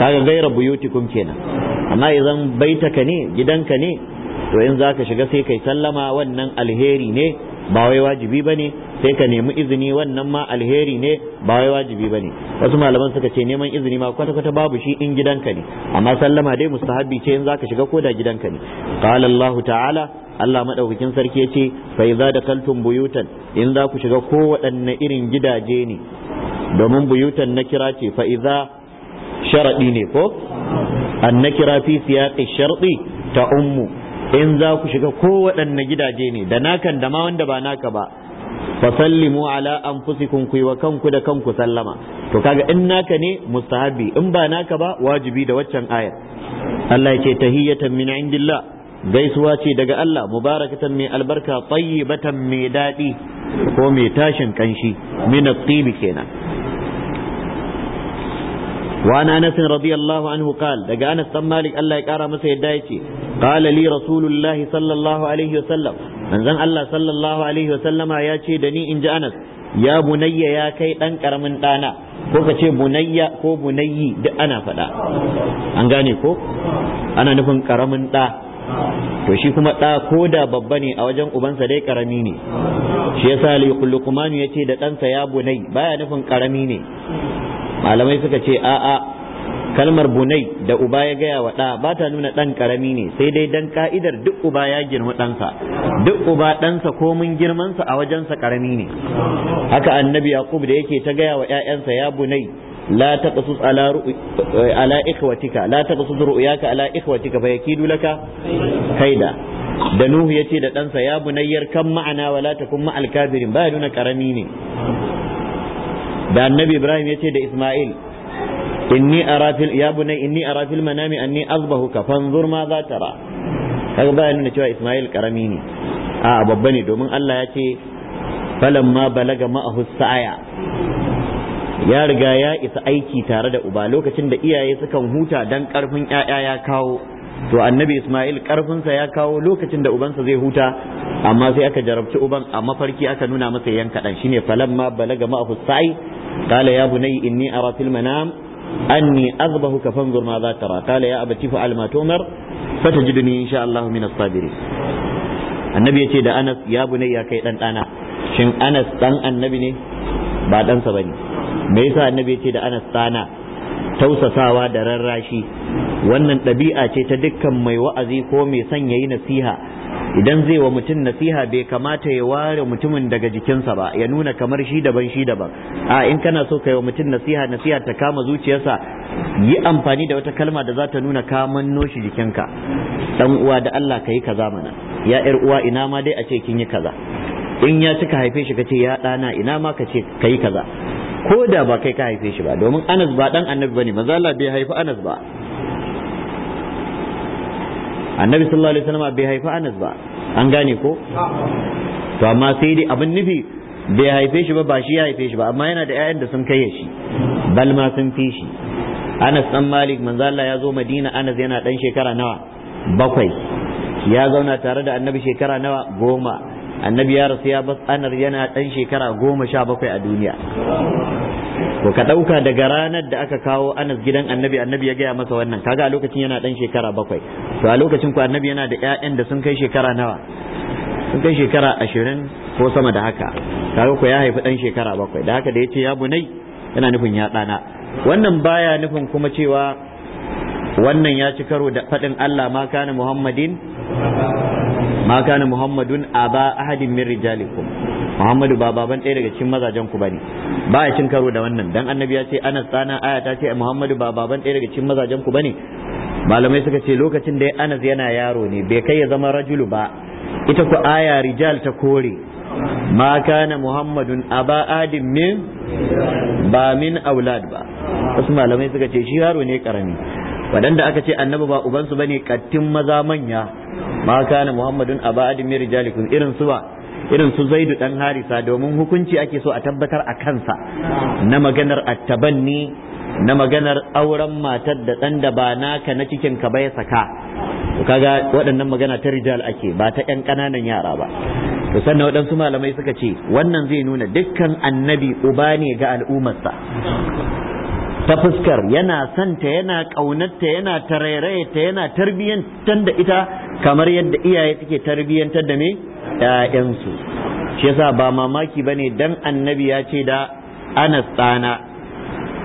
kaga ghayra buyutikum kenan amma idan baitaka ne gidanka ne to in za ka shiga sai kai sallama wannan alheri ne ba wai wajibi ba ne sai ka nemi izini wannan ma alheri ne ba wai wajibi ba ne wasu malaman suka ce neman izini ma kwata-kwata babu shi in gidanka ne amma sallama dai Mustahabbi ce in zaka shiga koda gidanka ne qala Allah ta'ala Allah madaukakin sarki ya ce fa idza dakaltum buyutan in za ku shiga waɗanne irin gidaje ne domin buyutan na kira ce fa idza sharadi ne ko an fi siyaqi sharti ta ummu in za ku shiga kowaɗanne gidaje ne da nakan da ma wanda ba naka ba sallimu ala anfusikum ku wa kanku da kanku sallama to kaga in naka ne mustahabi in ba naka ba wajibi da waccan ayar Allah yake tahiyatan min indillah gaisuwa ce daga Allah mubarakatan mai albarka tayyibatan mai dadi ko mai tashin kanshi min at-tibi kenan وعن انس رضي الله عنه قال دقى انس Allah ya الله يقرا مسا يدايتي qala li rasulullahi sallallahu alaihi wasallam manzon Allah sallallahu alaihi wasallama ya ce da ni in ji Anas ya bunayya ya kai ɗan karamin dana ko ka ce bunayya ko bunayyi duk ana faɗa an gane ko ana nufin karamin دا to shi kuma ɗa ko da babba ne a wajen ubansa dai karami ne shi ya sa yasa ya ce da ɗansa ya bunai baya nufin karami ne malamai suka ce a'a kalmar bunai da uba ya gaya wa ɗa ba ta nuna ɗan ƙarami ne sai dai dan ka'idar duk uba ya girma ɗansa duk uba ɗansa komin girmansa a wajensa ƙarami ne haka annabi yaqub da yake ta gaya wa ‘ya'yansa ya bunai la taqsus ala ala ikhwatika la taqsus ru'yaka ala ikhwatika fa yakidu laka kaida da nuhu yace da ɗansa ya bunayyar kan ma'ana wala takun ma'al kafirin ba nuna ƙarami ne da annabi ibrahim yace da isma'il inni ara fil ya bunay inni ara fil manami anni azbahuka fanzur ma za tara kaga bayanin da cewa Ismail karami ne a babba ne domin Allah ya ce falamma balaga ma'ahu sa'aya ya riga ya isa aiki tare da uba lokacin da iyaye sukan huta dan karfin ƴaƴa ya kawo to annabi Ismail karfinsa ya kawo lokacin da ubansa zai huta amma sai aka jarabci uban a mafarki aka nuna masa yanka dan shine falamma balaga ma'ahu sa'i qala ya bunayya anni azbahuka fanzur gurma za tara qala ya abati fa'al ma tumar fatajiduni insha Allah min as annabi yace da Anas ya bunayya kai dan shin Anas dan annabi ne ba dan sa bane me yasa annabi yace da Anas dana tausasawa da rarrashi wannan ɗabi'a ce ta dukkan mai wa'azi ko mai son yayi nasiha idan zai wa mutum nasiha bai kamata ya ware mutumin daga jikinsa ba ya nuna kamar shi daban shi daban a in kana so ka yi wa mutum nasiha nasiha ta kama zuciyarsa yi amfani da wata kalma da za ta nuna ka manno shi jikinka dan uwa da Allah ka yi kaza mana ya yar uwa ina ma dai a ce kin yi kaza in ya cika haife shi kace ya ɗana ina ma ka ce ka yi kaza ko da ba kai ka haife shi ba domin anas ba dan annabi bane manzo Allah bai haifi anas ba annabi sallallahu alaihi wasallam bai haifi anas ba an gane ko to amma sai dai abin nufi bai haife shi ba ba shi ya haife shi ba amma yana da ƴaƴan da sun kai shi bal ma sun fi shi anas dan malik manzo Allah ya zo madina anas yana dan shekara nawa bakwai ya zauna tare da annabi shekara nawa goma annabi ya rasu ya bas anar yana ɗan shekara goma sha bakwai a duniya to ka ɗauka daga ranar da aka kawo anas gidan annabi annabi ya gaya masa wannan kaga a lokacin yana ɗan shekara bakwai to a lokacin ku annabi yana da ƴaƴan da sun kai shekara nawa sun kai shekara ashirin ko sama da haka kaga ku ya haifi ɗan shekara bakwai da haka da ya ce ya bunai yana nufin ya ɗana wannan baya nufin kuma cewa wannan ya ci karo da faɗin Allah ma kana Muhammadin ma kana muhammadun aba ahadin min rijalikum muhammadu ba baban ɗaya daga cikin mazajen ku bane ba ya cin karo da wannan dan annabi ya ce anas tsana aya ta ce muhammadu ba baban ɗaya daga cikin mazajen ku bane malamai suka ce lokacin da anas yana yaro ne bai kai ya zama rajulu ba ita ku aya rijal ta kore ma kana muhammadun aba adin min ba min aulad ba wasu malamai suka ce shi yaro ne karami waɗanda aka ce annabi ba ubansu bane kattin maza manya ma kana muhammadun aba adin min rijalikum irin su irin su zaidu dan harisa domin hukunci ake so a tabbatar a kansa na maganar attabanni na maganar auren matar da dan da ba naka na cikin ka bai saka kaga waɗannan magana ta rijal ake ba ta ƴan ƙananan yara ba to sannan waɗansu malamai suka ce wannan zai nuna dukkan annabi uba ne ga al'ummarsa ta fuskar yana santa yana ƙaunarta yana tarairayata yana tarbiyyantar da ita kamar yadda iyaye suke tarbiyyantar da me ‘ya'yansu shi yasa ba mamaki ba ne dan annabi ya ce da anas ɗana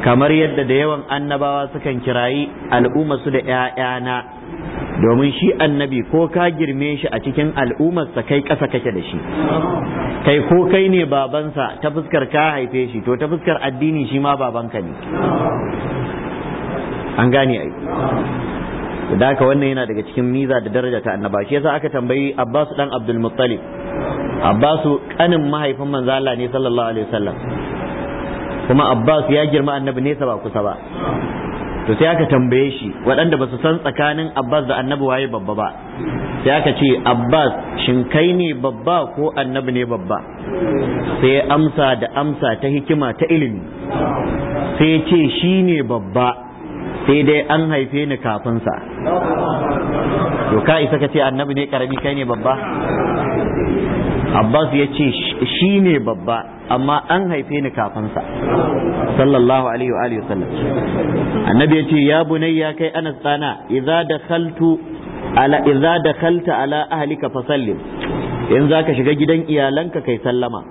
kamar yadda da yawan annabawa sukan kirayi al'umma su da ‘ya'yana domin shi annabi ko ka girme shi a cikin al'ummarsa kai ƙasa kake da shi kai ko kai ne babansa ta fuskar ka haife shi to ta fuskar addini shi ma babanka ne an gane ai da haka wannan yana daga cikin miza da daraja ta annaba shi yasa aka tambayi Abbas dan Abdul Muttalib Abbasu kanin mahaifin manzo Allah ne sallallahu alaihi wasallam kuma Abbas ya girma annabi ne ba kusa ba to sai aka tambaye shi waɗanda ba su san tsakanin abbas da annabi waye babba ba sai aka ce abbas shin kai ne babba ko annabi ne babba sai amsa da amsa ta hikima ta ilimi sai ce shi ne babba sai dai an haife ni kafinsa to ka isa ka ce annabi ne karami kai ne babba abbas ya ce shi ne babba amma an haife ni kafansa sallallahu alaihi wa alihi wasallam annabi ya ce ya bunayya kai anas tsana idza dakhaltu ala idza dakhalta ala ahlika fasallim in zaka shiga gidan iyalanka kai sallama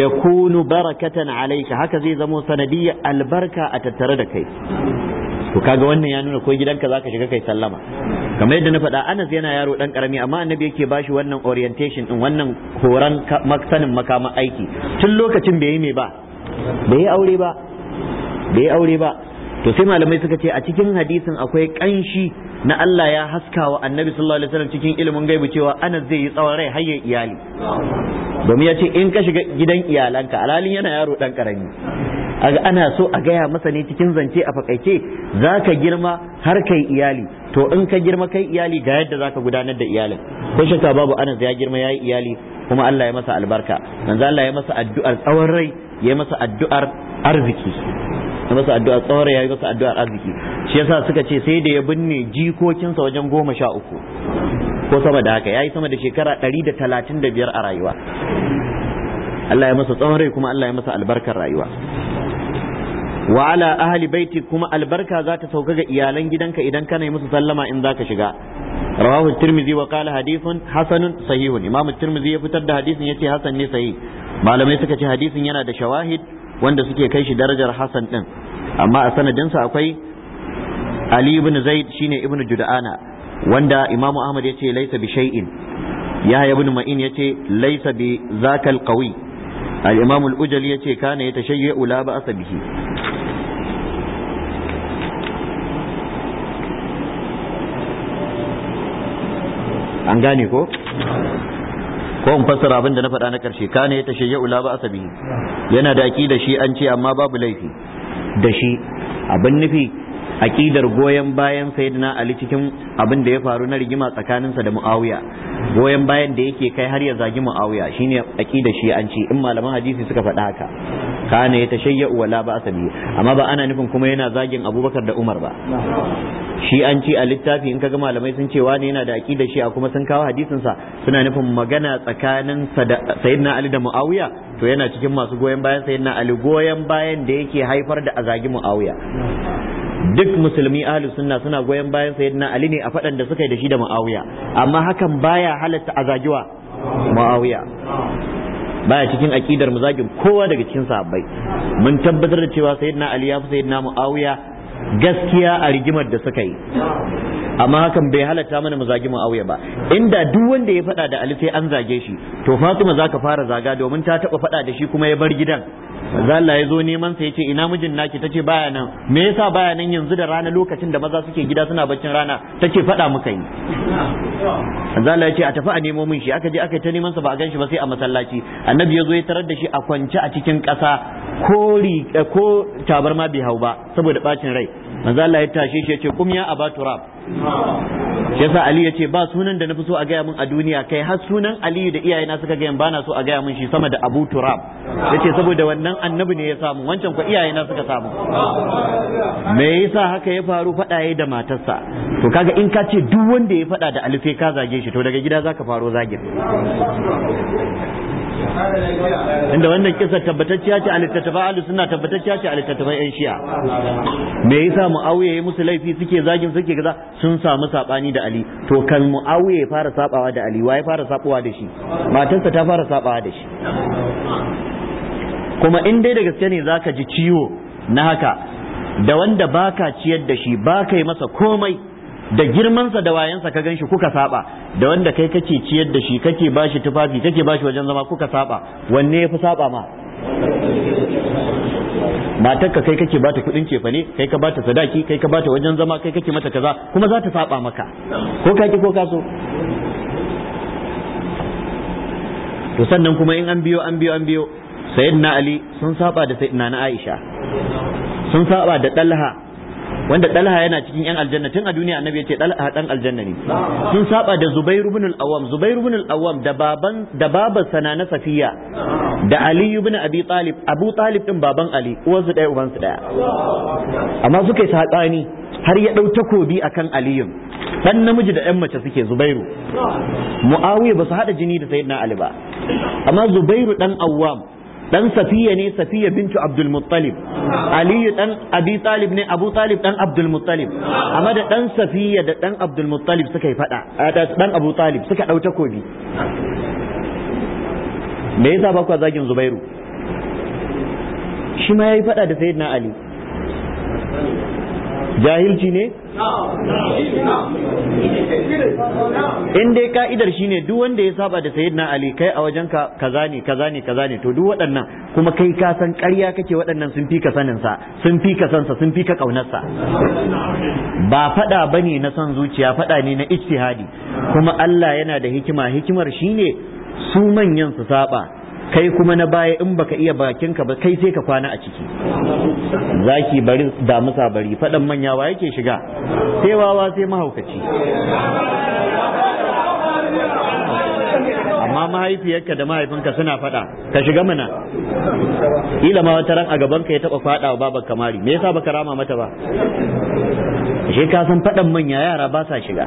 yakunu barakatan alaika haka zai zamo sanadiyya albarka a tattare da kai to kaga wannan ya nuna ko gidanka zaka shiga kai sallama kamar yadda na faɗa anas yana yaro dan karami amma annabi yake bashi wannan orientation din wannan horan sanin makama aiki tun lokacin bai yi mai ba bai yi aure ba bai yi aure ba to sai malamai suka ce a cikin hadisin akwai kanshi na Allah ya haska wa annabi sallallahu alaihi wasallam cikin ilimin gaibu cewa anas zai yi tsawon rai har iyali domin ya ce in ka shiga gidan iyalanka alalin yana yaro dan karami ana so a gaya masa ne cikin zance a fakaice za ka girma har kai iyali to in ka girma kai iyali ga yadda za ka gudanar da iyalin ko shakka babu anas ya girma ya yi iyali kuma Allah ya masa albarka manzo Allah ya masa addu'ar tsawon rai ya masa addu'ar arziki ya masa addu'ar tsawon rai ya masa addu'ar arziki shi yasa suka ce sai da ya binne jikokinsa wajen goma sha uku ko sama da haka ya yi sama da shekara ɗari da talatin da biyar a rayuwa Allah ya masa tsawon rai kuma Allah ya masa albarkar rayuwa wa ala ahli baiti kuma albarka za ta sauka ga iyalan gidanka idan kana yi musu sallama in zaka shiga rawahu tirmidhi wa qala hadithun hasanun sahihun imam tirmidhi ya fitar da hadisin yace hasan ne sahi. malamai suka ce hadisin yana da shawahid wanda suke kai shi darajar hasan din amma a sanadin sa akwai ali ibn zaid shine ibn jud'ana wanda imam ahmad yace laysa bi shay'in yahya ibn ma'in yace laysa bi zakal qawi al-imam al-ujali yace kana yatashayyu la ba'sa bihi an gane ko ko in fassara abin da na faɗa na ƙarshe kana ya tashe ya ula ba yana da aki da shi an ce amma babu laifi da shi abin nufi aƙidar goyon bayan sayyidina ali cikin abin da ya faru na rigima tsakaninsa da muawiya goyon bayan da yake kai har ya zagi muawiya shine aƙidar shi an ce in malaman hadisi suka faɗa haka kana ya tashayya wala ba asabi amma ba ana nufin kuma yana zagin abubakar da umar ba shi an ce a littafi in kaga malamai sun ce wani yana da aƙidar shi a kuma sun kawo hadisin sa suna nufin magana tsakanin sayyidina ali da muawiya to yana cikin masu goyon bayan sayyidina ali goyon bayan da yake haifar da a zagi muawiya duk musulmi ahli sunna suna goyon bayan sayyidina ali ne a fadan da suka yi da shi da muawiya amma hakan baya halatta a zagiwa muawiya baya cikin akidar mu zagin kowa daga cikin sahabbai mun tabbatar da cewa sayyidina ali ya fi sayyidina muawiya gaskiya a rigimar da suka yi amma hakan bai halatta mana mu zagi Muawiya ba inda duk wanda ya faɗa da Ali sai an zage shi to Fatima za ka fara zaga domin ta taɓa faɗa da shi kuma ya bar gidan Za Allah ya zo neman sa yace ina mijin naki tace baya nan me yasa baya nan yanzu da rana lokacin da maza suke gida suna baccin rana tace fada muka yi manzo Allah ce a tafi a nemo min shi aka je aka ta neman sa ba a gan ba sai a masallaci annabi ya zo ya tarar da shi a kwance a cikin ƙasa ko ko tabarma bai hau ba saboda bacin rai manzo Allah ya tashe shi ya ce kum ya aba turab yasa ali ya ce ba sunan da nafi so a gaya mun a duniya kai har sunan ali da iyayena suka gaya ba na so a gaya mun shi sama da abu turab yace saboda wannan annabi ne ya samu wancan ko iyayena suka samu me yasa haka ya faru fada yayi da matarsa to kaga in ka ce duk wanda ya fada da ali sai ka zage shi to daga gida zaka faro zagin inda wannan kisa tabbatacciya ce a littattafai ahlus sunna tabbatacciya ce a littattafai yan shi'a me yasa muawiya yayi musu laifi suke zagin suke kaza sun samu sabani da ali to kan muawiya ya fara sabawa da ali waye fara sabawa da shi matarsa ta fara sabawa da shi kuma in dai da gaske ne zaka ji ciwo na haka da wanda baka ciyar da shi baka yi masa komai da girmansa da wayansa ka ganshi kuka saba da wanda kai kake ciyar da shi kake bashi tufafi kake bashi wajen zama kuka saba wanne yafi saba ma matarka kai kake bata kudin cefa ne kai ka bata sadaki kai ka bata wajen zama kai kake mata kaza kuma za ta saba maka ko ka ki ko ka so to sannan kuma in an biyo an biyo an biyo sayyidina ali sun saba da sayyidina na aisha sun saba da talha wanda Dalha yana cikin yan aljanna tun a duniya annabi yace Dalha dan aljanna ne sun saba da Zubair ibn al-Awwam Zubair ibn al-Awwam da baban da baban sana na Safiya da Ali ibn Abi Talib Abu Talib din baban Ali uwansu ɗaya ubansu daya. amma suka yi saƙani har ya ɗau takobi akan Aliyun dan namiji da ɗan mace suke Zubairu Muawiya ba su haɗa jini da Sayyidina Ali ba amma Zubairu dan Awwam Ɗan safiya ne safiya bintu abdul muttalib aliyu dan abi talib ne abu talib dan abdul muttalib amma da dan da dan abdul muttalib suka yi fada dan abu talib suka dau takobi me yasa ba ku zagin zubairu shi ma yayi faɗa da sayyidina ali jahilci ne in dai ka'idar ne duk wanda ya saba da sayyidina ali kai a wajen ka kaza ne kaza ne kaza to duk waɗannan kuma kai ka san ƙarya kake waɗannan sun fi ka saninsa sun fi ka sansa sun fi ka ba fada bane na son zuciya faɗa ne na ijtihadi kuma Allah yana da hikima hikimar shine su manyan su saba kai kuma na baya in baka iya bakinka ba kai sai ka kwana a ciki zaki bari damusa bari faɗan manya wa yake shiga sai wawa sai mahaukaci amma mahaifiyarka da mahaifinka suna faɗa ka shiga mana ila ma wata ran a gaban ka ya taɓa faɗa wa babar kamari me yasa baka rama mata ba shi ka san faɗan manya yara ba sa shiga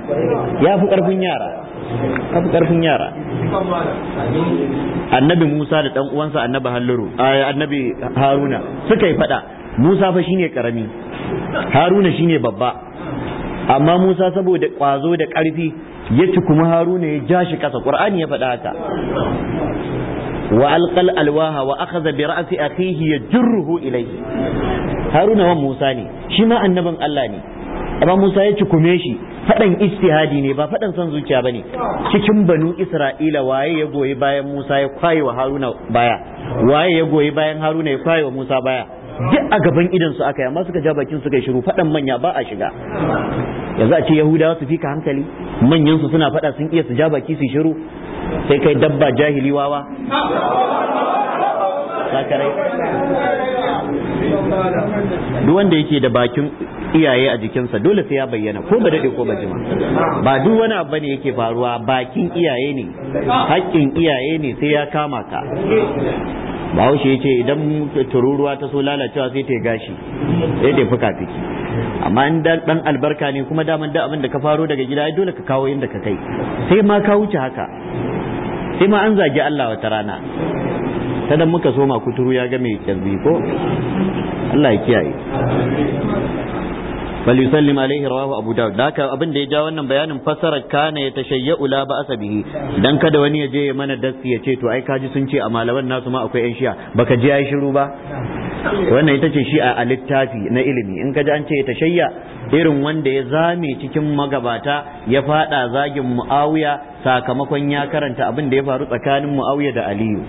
ya fi ƙarfin yara ka fi ƙarfin yara annabi Musa da ɗan uwansa annabi Halluru annabi Haruna suka yi faɗa Musa fa shine karami Haruna shine babba amma Musa saboda ƙwazo da ƙarfi ya ci kuma haruna ya ja shi ƙasa ƙur'ani ya faɗa haka wa alƙal alwaha wa aka zabi akhadha a kai akhihi jirruhu ilai. haruna wa musa ne shi ma annabin Allah ne amma musa ya ci kume shi faɗan istihadi ne ba faɗan son zuciya ba ne. cikin banu isra'ila waye ya goyi bayan musa ya kwaye wa haruna baya waye ya goyi bayan haruna ya kwaye wa musa baya duk a gaban idan su aka yi amma suka ja bakin suka yi shiru faɗan manya ba a shiga yanzu a ce yahudawa su fika hankali manyan su suna faɗa sun iya su ja baki su shiru sai kai dabba jahili wawa duk wanda yake da bakin iyaye a jikinsa dole sai ya bayyana ko ba dade ko ba jima ba duk wani abu ne yake faruwa bakin iyaye ne haƙƙin iyaye ne sai ya kama ka bahaushe ya ce idan tururuwa ta so lalacewa sai ta yi gashi sai ta fuka fiki amma in dan albarka ne kuma daman da abin da ka faro daga gida ai dole ka kawo inda ka kai sai ma ka wuce haka sai ma an zagi Allah wata rana sadan muka muka soma kuturu ya ga mai kyalbi ko Allah ya kiyaye bal yusallim alaihi rawahu abu daud haka abin da ya ja wannan bayanin fasarar kana ya tashayya'u la ba bihi dan kada wani ya je ya mana dasti ya ce to ai kaji sun ce a malaman nasu ma akwai yan shi'a baka ji ai shiru ba wannan ita ce shi a littafi na ilimi in kaji an ce ya tashayya irin wanda ya zame cikin magabata ya fada zagin muawiya sakamakon ya karanta abin da ya faru tsakanin muawiya da aliyu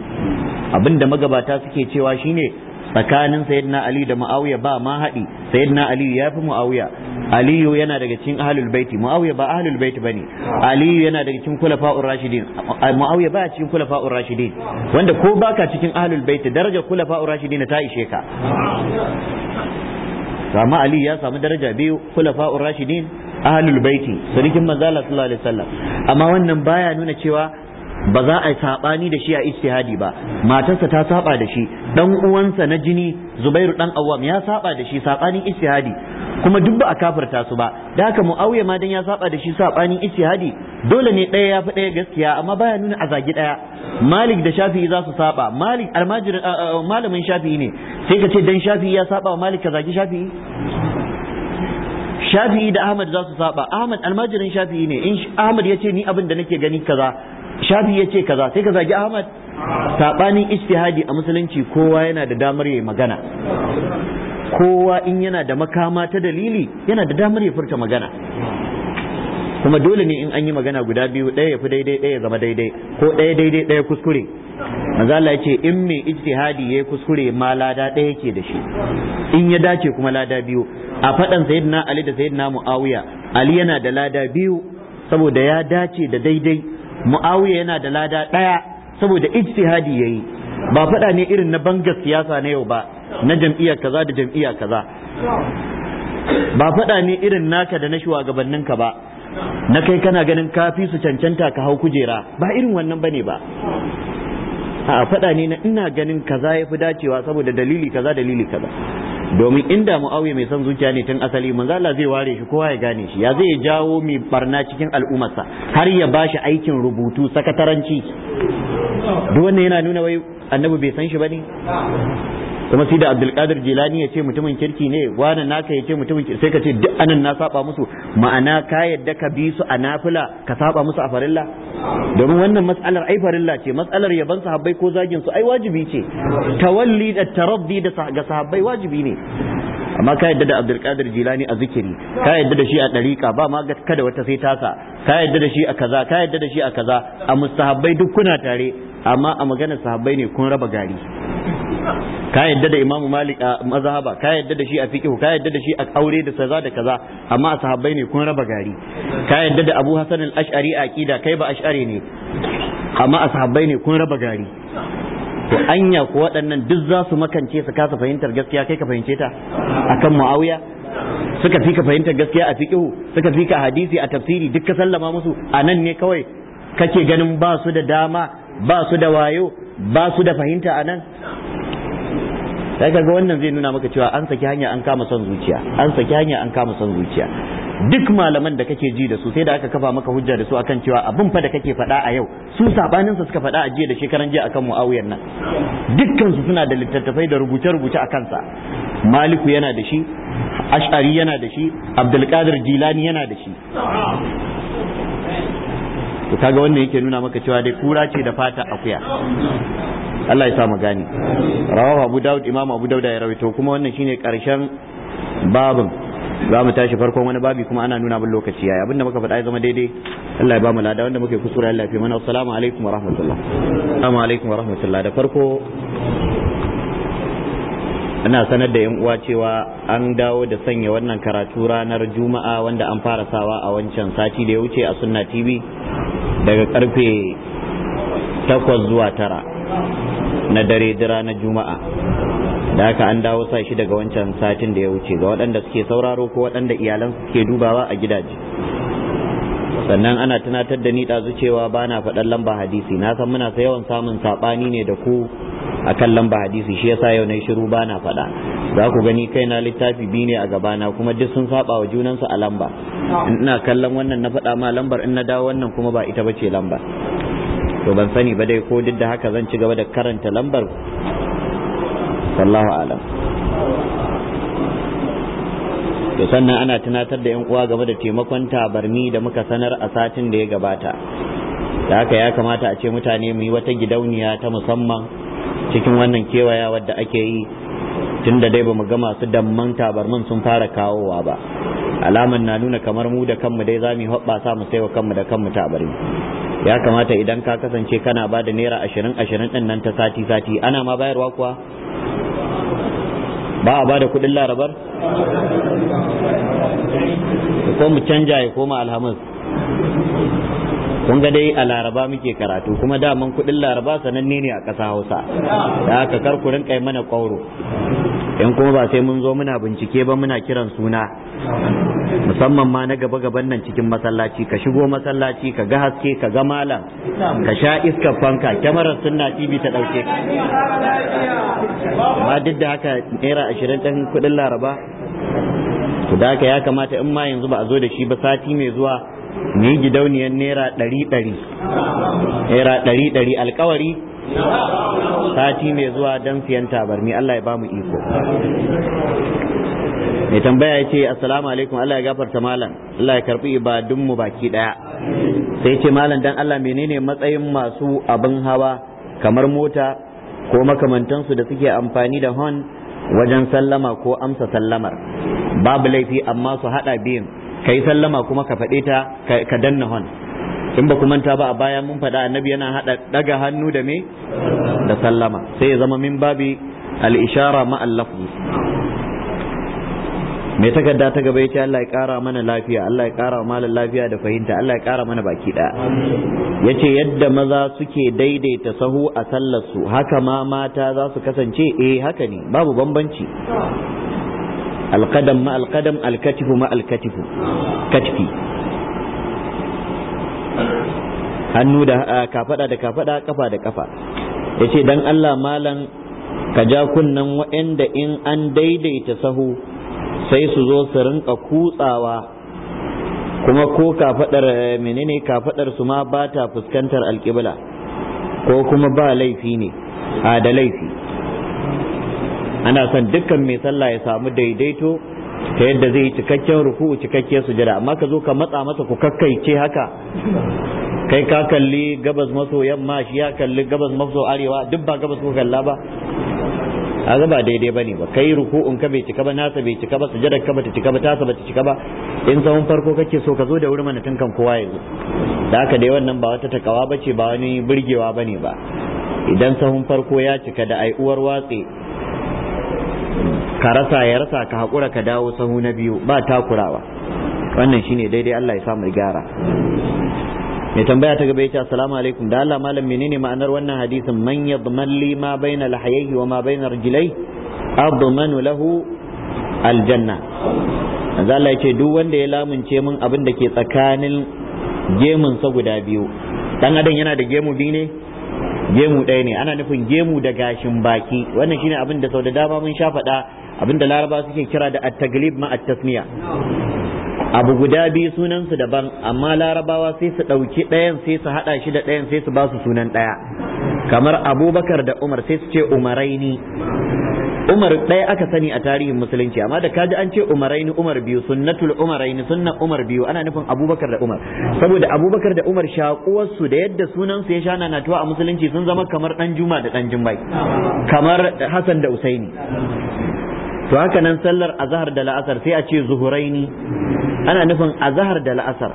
abin da magabata suke cewa shine tsakanin sayyidina ali da muawiya ba ma haɗi sayyidina ali ya fi muawiya aliyu yana daga cikin ahlul baiti muawiya ba ahlul baiti bane aliyu yana daga cikin kulafa'ur rashidin muawiya ba cikin kulafa'ur rashidin wanda ko baka cikin ahlul baiti daraja kulafa'ur rashidin ta ishe ka amma ali ya samu daraja biyu kulafa'ur rashidin ahlul baiti sarkin manzala sallallahu alaihi wasallam amma wannan baya nuna cewa ba za a sabani da shi a ijtihadi ba matarsa ta saba da shi dan uwansa na jini Zubairu dan Awwam ya saba da shi sabanin ijtihadi kuma duk ba a kafirta su ba da haka Muawiya ma dan ya saba da shi sabanin ijtihadi dole ne ɗaya ya fi ɗaya gaskiya amma baya nuna a zagi ɗaya Malik da Shafi'i za su saba Malik almajir malamin Shafi'i ne sai ka ce dan Shafi'i ya saba wa Malik ka zagi Shafi'i Shafi'i da Ahmad za su saba Ahmad almajirin Shafi'i ne in Ahmad ya ce ni abin da nake gani kaza shafi ya ce kaza sai ka zagi ahmad saɓanin ijtihadi a musulunci kowa yana da damar ya magana kowa in yana da makama ta dalili yana da damar ya furta magana kuma dole ne in an yi magana guda biyu ɗaya ya fi daidai ɗaya ya zama daidai ko ɗaya daidai ɗaya kuskure manzo ya ce in mai ijtihadi ya kuskure ma lada ɗaya ke da shi in ya dace kuma lada biyu a faɗan na Ali da na Muawiya Ali yana da lada biyu saboda ya dace da daidai muawiya yana da lada ɗaya saboda ijtihadi yayi ba faɗa ne irin na banga siyasa na yau ba na jam'iyya kaza da jam'iyya kaza ba faɗa ne irin naka da na shugabannin ka ba na kai kana ganin kafi su cancanta ka hau kujera ba irin wannan bane ba a faɗa ne na ina ganin kaza ya fi dacewa saboda dalili kaza dalili kaza domin inda mu'awi mai son zuciya ne tun asali manzo Allah zai ware shi kowa ya gane shi ya zai jawo mai barna cikin al'ummarsa har ya ba shi aikin rubutu sakataranci duk wannan yana nuna wai annabi bai san shi bane kuma sai da abdulkadir jilani ya ce mutumin kirki ne wani naka ya ce mutumin kirki sai ka ce duk anan na saba musu ma'ana ka yadda ka bi su a nafila ka saba musu a farilla domin wannan matsalar ai farilla ce matsalar yaban sahabbai ko zagin su ai wajibi ce tawalli da taraddi da ga sahabbai wajibi ne amma ka yadda da abdulkadir jilani a zikiri ka yadda da shi a ɗariƙa ba ma ga kada wata sai taka ka yadda da shi a kaza ka yadda da shi a kaza a mustahabbai duk kuna tare amma a maganar sahabbai ne kun raba gari ka yadda da imamu malik a mazhaba ka yadda da shi a fiqh ka yadda da shi a aure da kaza da kaza amma a sahabbai ne kun raba gari ka yadda da abu hasan al-ash'ari a aqida kai ba ash'ari ne amma a sahabbai ne kun raba gari to anya ko waɗannan duk za su makance su kasa fahimtar gaskiya kai ka fahimce ta akan muawiya suka fi ka fahimtar gaskiya a fiqh suka fi ka hadisi a tafsiri duk ka sallama musu a nan ne kawai kake ganin ba su da dama ba su da wayo ba su da fahimta a nan sai kaga wannan zai nuna maka cewa an saki hanya an kama son zuciya an saki hanya an kama son zuciya duk malaman da kake ji da su sai da aka kafa maka hujja da su akan cewa abin fa da kake faɗa a yau su sabanin su suka faɗa a jiya da shekaran jiya akan Muawiyar nan dukkan su suna da littattafai da rubuce-rubuce a kansa Maliku yana da shi Ash'ari yana da shi Abdul Jilani yana da shi to kaga wannan yake nuna maka cewa dai kura ce da fata akuya Allah ya sa mu gani rawahu Abu Dawud Imam Abu Dawud ya rawaito kuma wannan shine karshen babin za mu tashi farkon wani babi kuma ana nuna min lokaci yayi abinda muka faɗa ya zama daidai Allah ya ba mu lada wanda muke kusura Allah ya fi mana assalamu alaikum wa rahmatullah assalamu alaikum wa rahmatullah da farko ana sanar da yan uwa cewa an dawo da sanya wannan karatu ranar juma'a wanda an fara sawa a wancan sati da ya wuce a sunna tv daga karfe takwas zuwa tara na dare dira na juma'a da aka an dawo sa shi daga wancan satin da ya wuce ga waɗanda suke sauraro ko waɗanda iyalan suke dubawa a gidaje sannan ana tunatar da ni ɗazu cewa ba na faɗan lamba hadisi na san muna sa yawan samun saɓani ne da ku akan lamba hadisi shi yasa yau na shiru ba na faɗa za ku gani na littafi biyu ne a gabana kuma duk sun saba wa junansu a lamba ina kallon wannan na faɗa ma lambar in na dawo wannan kuma ba ita bace lamba to ban sani ba dai ko duk da haka zan ci gaba da karanta lambar wallahu alam to sannan ana tunatar da yan uwa game da taimakon tabarni da muka sanar a satin da ya gabata da haka ya kamata a ce mutane mu yi wata gidauniya ta musamman cikin wannan kewaya wadda ake yi tun da dai ba mu ga masu damman tabarman sun fara kawowa ba alaman na nuna kamar mu da kanmu dai za zamu sa mu saiwa kanmu da kanmu tabari ya kamata idan ka kasance kana ba da naira ashirin ashirin ɗin nan ta sati sati ana ma bayarwa kuwa ba a ba da kuɗin larabar ko mu canja ya koma alhamis kun ga dai a laraba muke karatu kuma daman kuɗin laraba sananne ne a ƙasa hausa da aka kar kai mana kwauro. in kuma ba sai mun zo muna bincike ba muna kiran suna musamman ma na gaba gaban nan cikin masallaci ka shigo masallaci ka ga haske ka ga malam ka sha iskar fanka kyamarar sunna tv ta ɗauke ba duk da haka naira ashirin ɗin kuɗin laraba da haka ya kamata in ma yanzu ba a zo da shi ba sati mai zuwa Ni gidauniyar naira ɗari ɗari naira ɗari ɗari alkawari sati mai zuwa don siyan tabarmi Allah ya ba mu iko mai tambaya ya ce assalamu alaikum Allah ya gafarta malam Allah ya karɓi ibadunmu baki ɗaya. sai ce malam dan Allah menene matsayin masu abin hawa kamar mota ko makamantansu da suke amfani da hon wajen sallama ko amsa sallamar babu laifi amma su haɗa biyun ka yi sallama kuma ka faɗe ta ka danna hon in ba ku manta ba a baya mun faɗa annabi yana haɗa ɗaga hannu da me da sallama sai ya zama min babi al-ishara ma al-lafzi mai takarda ta gaba yace Allah ya kara mana lafiya Allah ya kara mana lafiya da fahimta Allah ya kara mana baki daya yace yadda maza suke daidaita sahu a sallar su haka ma mata za su kasance eh haka ne babu bambanci alqadam ma alqadam alkatifu ma alkatifu katifi hannu da kafada da kafada kafa da kafa yace dan Allah malam ka ja kunnan waɗanda in an daidaita sahu sai su zo su rinka kutsawa kuma ko kafadar menene kafadar su ma ba ta fuskantar alƙibla ko kuma ba laifi ne a da laifi ana son dukkan mai sallah ya samu daidaito ta yadda zai yi cikakken ruku cikakken sujada amma ka zo ka matsa masa ku kakkaice haka kai ka kalli gabas maso yamma shi ya kalli gabas maso arewa duk ba gabas ko kalla ba a ba daidai ba ne ba kai ruku'un ka bai cika ba nasa bai cika ba sujadar ka bata cika ba tasa bata cika ba in sahun farko kake so ka zo da wuri mana tun kan kowa yanzu da haka dai wannan ba wata takawa ce ba wani burgewa ne ba idan sahun farko ya cika da ai uwar watse ka rasa ya rasa ka haƙura ka dawo sahu na biyu ba takurawa wannan shine daidai Allah ya samu gyara mai tambaya ta gaba yace assalamu alaikum da Allah malam menene ma'anar wannan hadisin man yadman li ma baina lahayhi wa ma baina rijlai admanu lahu aljanna manzo Allah yace duk wanda ya lamunce min abin da ke tsakanin gemun sa guda biyu dan adam yana da gemu biyu ne gemu ɗaya ne ana nufin gemu da gashin baki wannan shine abin da sau da dama mun sha faɗa abin da laraba suke kira da at-taglib ma at-tasmiya abu guda biyu sunan su daban amma larabawa sai su ɗauki ɗayan sai su haɗa shi da ɗayan sai su ba su sunan ɗaya kamar abubakar da umar sai su ce umaraini umar ɗaya aka sani a tarihin musulunci amma da kaji an ce umaraini umar biyu sunnatul umaraini sunnan umar biyu ana nufin abubakar da umar saboda abubakar da umar su da yadda sunansu ya sha nanatuwa a musulunci sun zama kamar ɗan juma da ɗan jumbai kamar hasan da usaini to haka nan sallar azahar da la'asar sai a ce zuhuraini ana nufin azahar da la'asar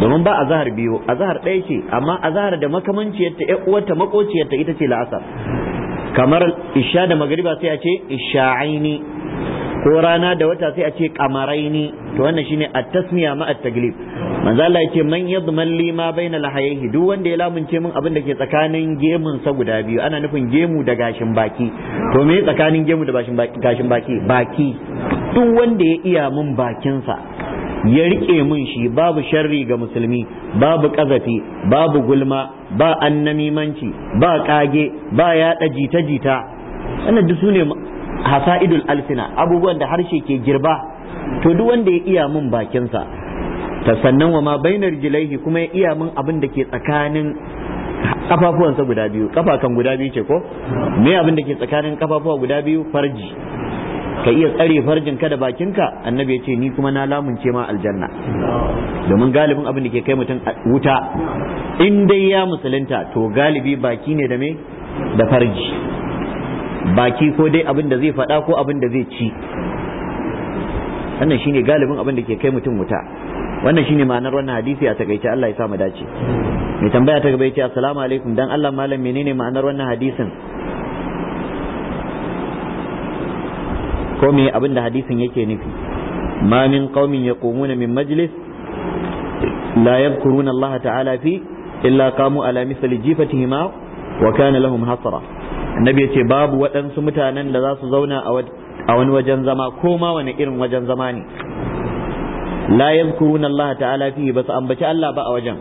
domin ba azahar biyu azahar ɗaya ce amma azahar da makamanciyarta ƴan uwarta makociyarta ita ce la'asar kamar isha da magariba sai a ce isha'aini ko rana da wata sai a ce kamaraini to wannan shine at-tasmiya ma at-taglib manzo Allah yace man yadman li ma baina lahayhi duk wanda ya lamunce min abin da ke tsakanin gemun sa guda biyu ana nufin gemu da gashin baki to me tsakanin gemu da gashin baki baki duk wanda ya iya mun bakin sa ya rike mun shi babu sharri ga musulmi babu kazafi babu gulma ba annamimanci ba kage ba yaɗa jita-jita wannan duk sune hasa'idul alsina abubuwan da harshe ke girba to duk wanda ya iya mun bakinsa ta sannan wa ma bainar jilaihi kuma ya iya mun abin da ke tsakanin kafafuwansa guda biyu kafakan guda biyu ce ko me abin da ke tsakanin kafafuwa guda biyu farji ka iya tsare farjin ka da bakinka annabi ya ce ni kuma na lamunce ma aljanna domin galibin abin da ke kai mutum wuta in dai ya musulunta to galibi baki ne da me da farji baki ko dai abin da zai faɗa ko abin da zai ci wannan shine galibin abin da ke kai mutum wuta wannan shine ma'anar wannan hadisi a takaice Allah ya sa mu dace mai tambaya ta gaba ya ce assalamu alaikum dan Allah malam menene ma'anar wannan hadisin ko me abin da hadisin yake nufi ma min qaumin yaqumuna min majlis la yadhkuruna Allah ta'ala fi illa qamu ala mithli jifatihima wa kana lahum hasra annabi yace babu waɗansu mutanen da za su zauna a wani wajen zama ko ma wani irin wajen zama ne la yadhkuruna Allah ta'ala fi ba su ambaci Allah ba a wajen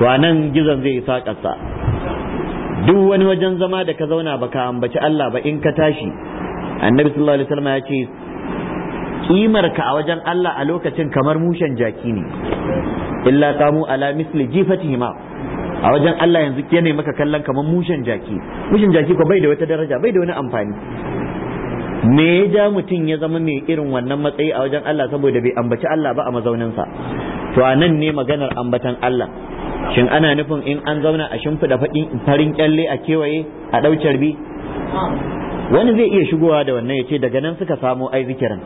to anan gizon zai yi sakarsa duk wani wajen zama da ka zauna ba ka ambaci Allah ba in ka tashi annabi sallallahu alaihi wasallam ya ce kimar ka a wajen Allah a lokacin kamar mushen jaki ne illa kamu ala misli jifatihima a wajen Allah yanzu ke ne maka kallon kamar mushen jaki mushen jaki ko bai da wata daraja bai da wani amfani me ya ja mutum ya zama mai irin wannan matsayi a wajen Allah saboda bai ambaci Allah ba a mazauninsa to a nan ne maganar ambatan Allah shin ana nufin in an zauna a shimfiɗa faɗin farin kyalle a kewaye a ɗaucar bi wani zai iya shigowa da wannan ya ce daga nan suka samo ai zikirin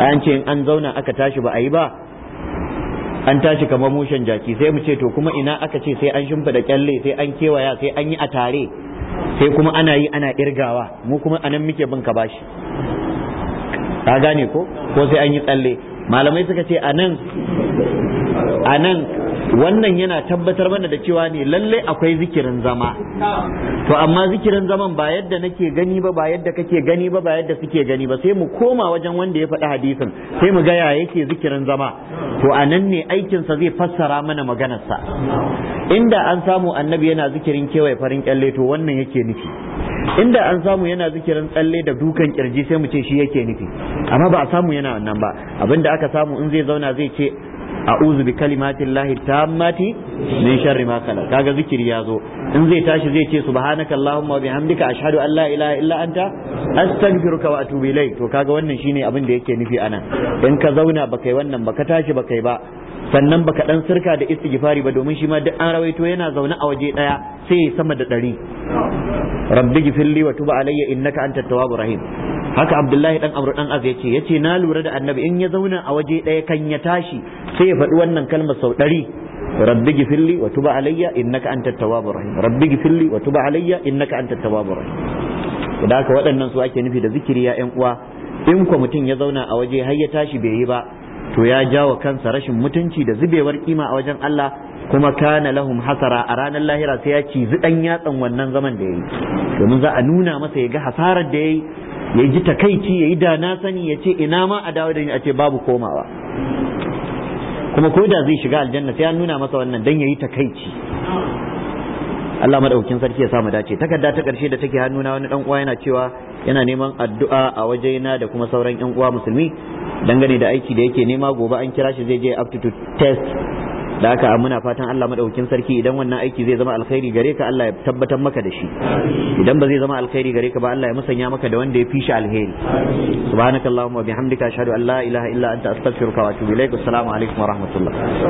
an ce an zauna aka tashi ba a yi ba an tashi kamar mushen jaki sai mu ce to kuma ina aka ce sai an shimfida kyalle sai an kewaya sai an yi a tare sai kuma ana yi ana irgawa mu kuma anan muke bin ka bashi ka gane ko ko sai an yi tsalle malamai suka ce anan anan wannan yana tabbatar mana da cewa ne lallai akwai zikirin zama to amma zikirin zaman ba yadda nake gani ba ba yadda kake gani ba ba yadda suke gani ba sai mu koma wajen wanda ya faɗi hadisin sai mu gaya yake zikirin zama to a nan ne aikinsa zai fassara mana maganarsa inda an samu annabi yana zikirin kewaye farin kyalle to wannan yake nufi inda an samu yana zikirin tsalle da dukan kirji sai mu ce shi yake nufi amma ba a samu yana wannan ba abinda aka samu in zai zauna zai ce a'udhu bi kalimatillahi tammati min sharri ma khalaq kaga zikiri ya zo in zai tashi zai ce subhanaka allahumma wa bihamdika ashhadu an la ilaha illa anta astaghfiruka wa atubu ilayk to kaga wannan shine abin da yake nufi anan in ka zauna bakai wannan baka tashi bakai ba sannan baka dan sirka da istighfari ba domin shi ma duk an rawaito yana zaune a waje daya sai sama da ɗari rabbi gifilli wa tuba alayya innaka antat tawwabur rahim haka abdullahi dan amru dan az yace yace na lura da annabi in ya zauna a waje daya kan ya tashi sai ya faɗi wannan kalmar sau ɗari rabbi gifilli wa tuba alayya innaka antat tawwabur rahim rabbi gifilli wa tuba alayya innaka antat tawwabur rahim da ka waɗannan su ake nufi da zikiri ya ƴan uwa in ko mutum ya zauna a waje har ya tashi bai yi ba to ya jawo kansa rashin mutunci da zubewar kima a wajen Allah kuma kana lahum hasara a ranar lahira sai ya ci zidan yatsan wannan zaman da yayi domin za a nuna masa ya ga hasarar da yayi ya ji takaici ya yi da na sani ya ce ina ma a dawo da ni a ce babu komawa kuma ko da zai shiga aljanna sai an nuna masa wannan dan yayi takaici Allah madaukin sarki ya samu dace takarda ta karshe da take hannuna wani dan uwa yana cewa yana neman addu'a a wajena da kuma sauran yan uwa musulmi dangane da aiki da yake nema gobe an kira shi zai je aptitude test da haka muna fatan Allah madaukakin sarki idan wannan aiki zai zama alkhairi gare ka Allah ya tabbatar maka da shi idan ba zai zama alkhairi gare ka ba Allah ya musanya maka da wanda ya fi shi alheri subhanakallahumma wa bihamdika ashhadu an la ilaha illa anta astaghfiruka wa atubu ilaik assalamu alaikum wa rahmatullah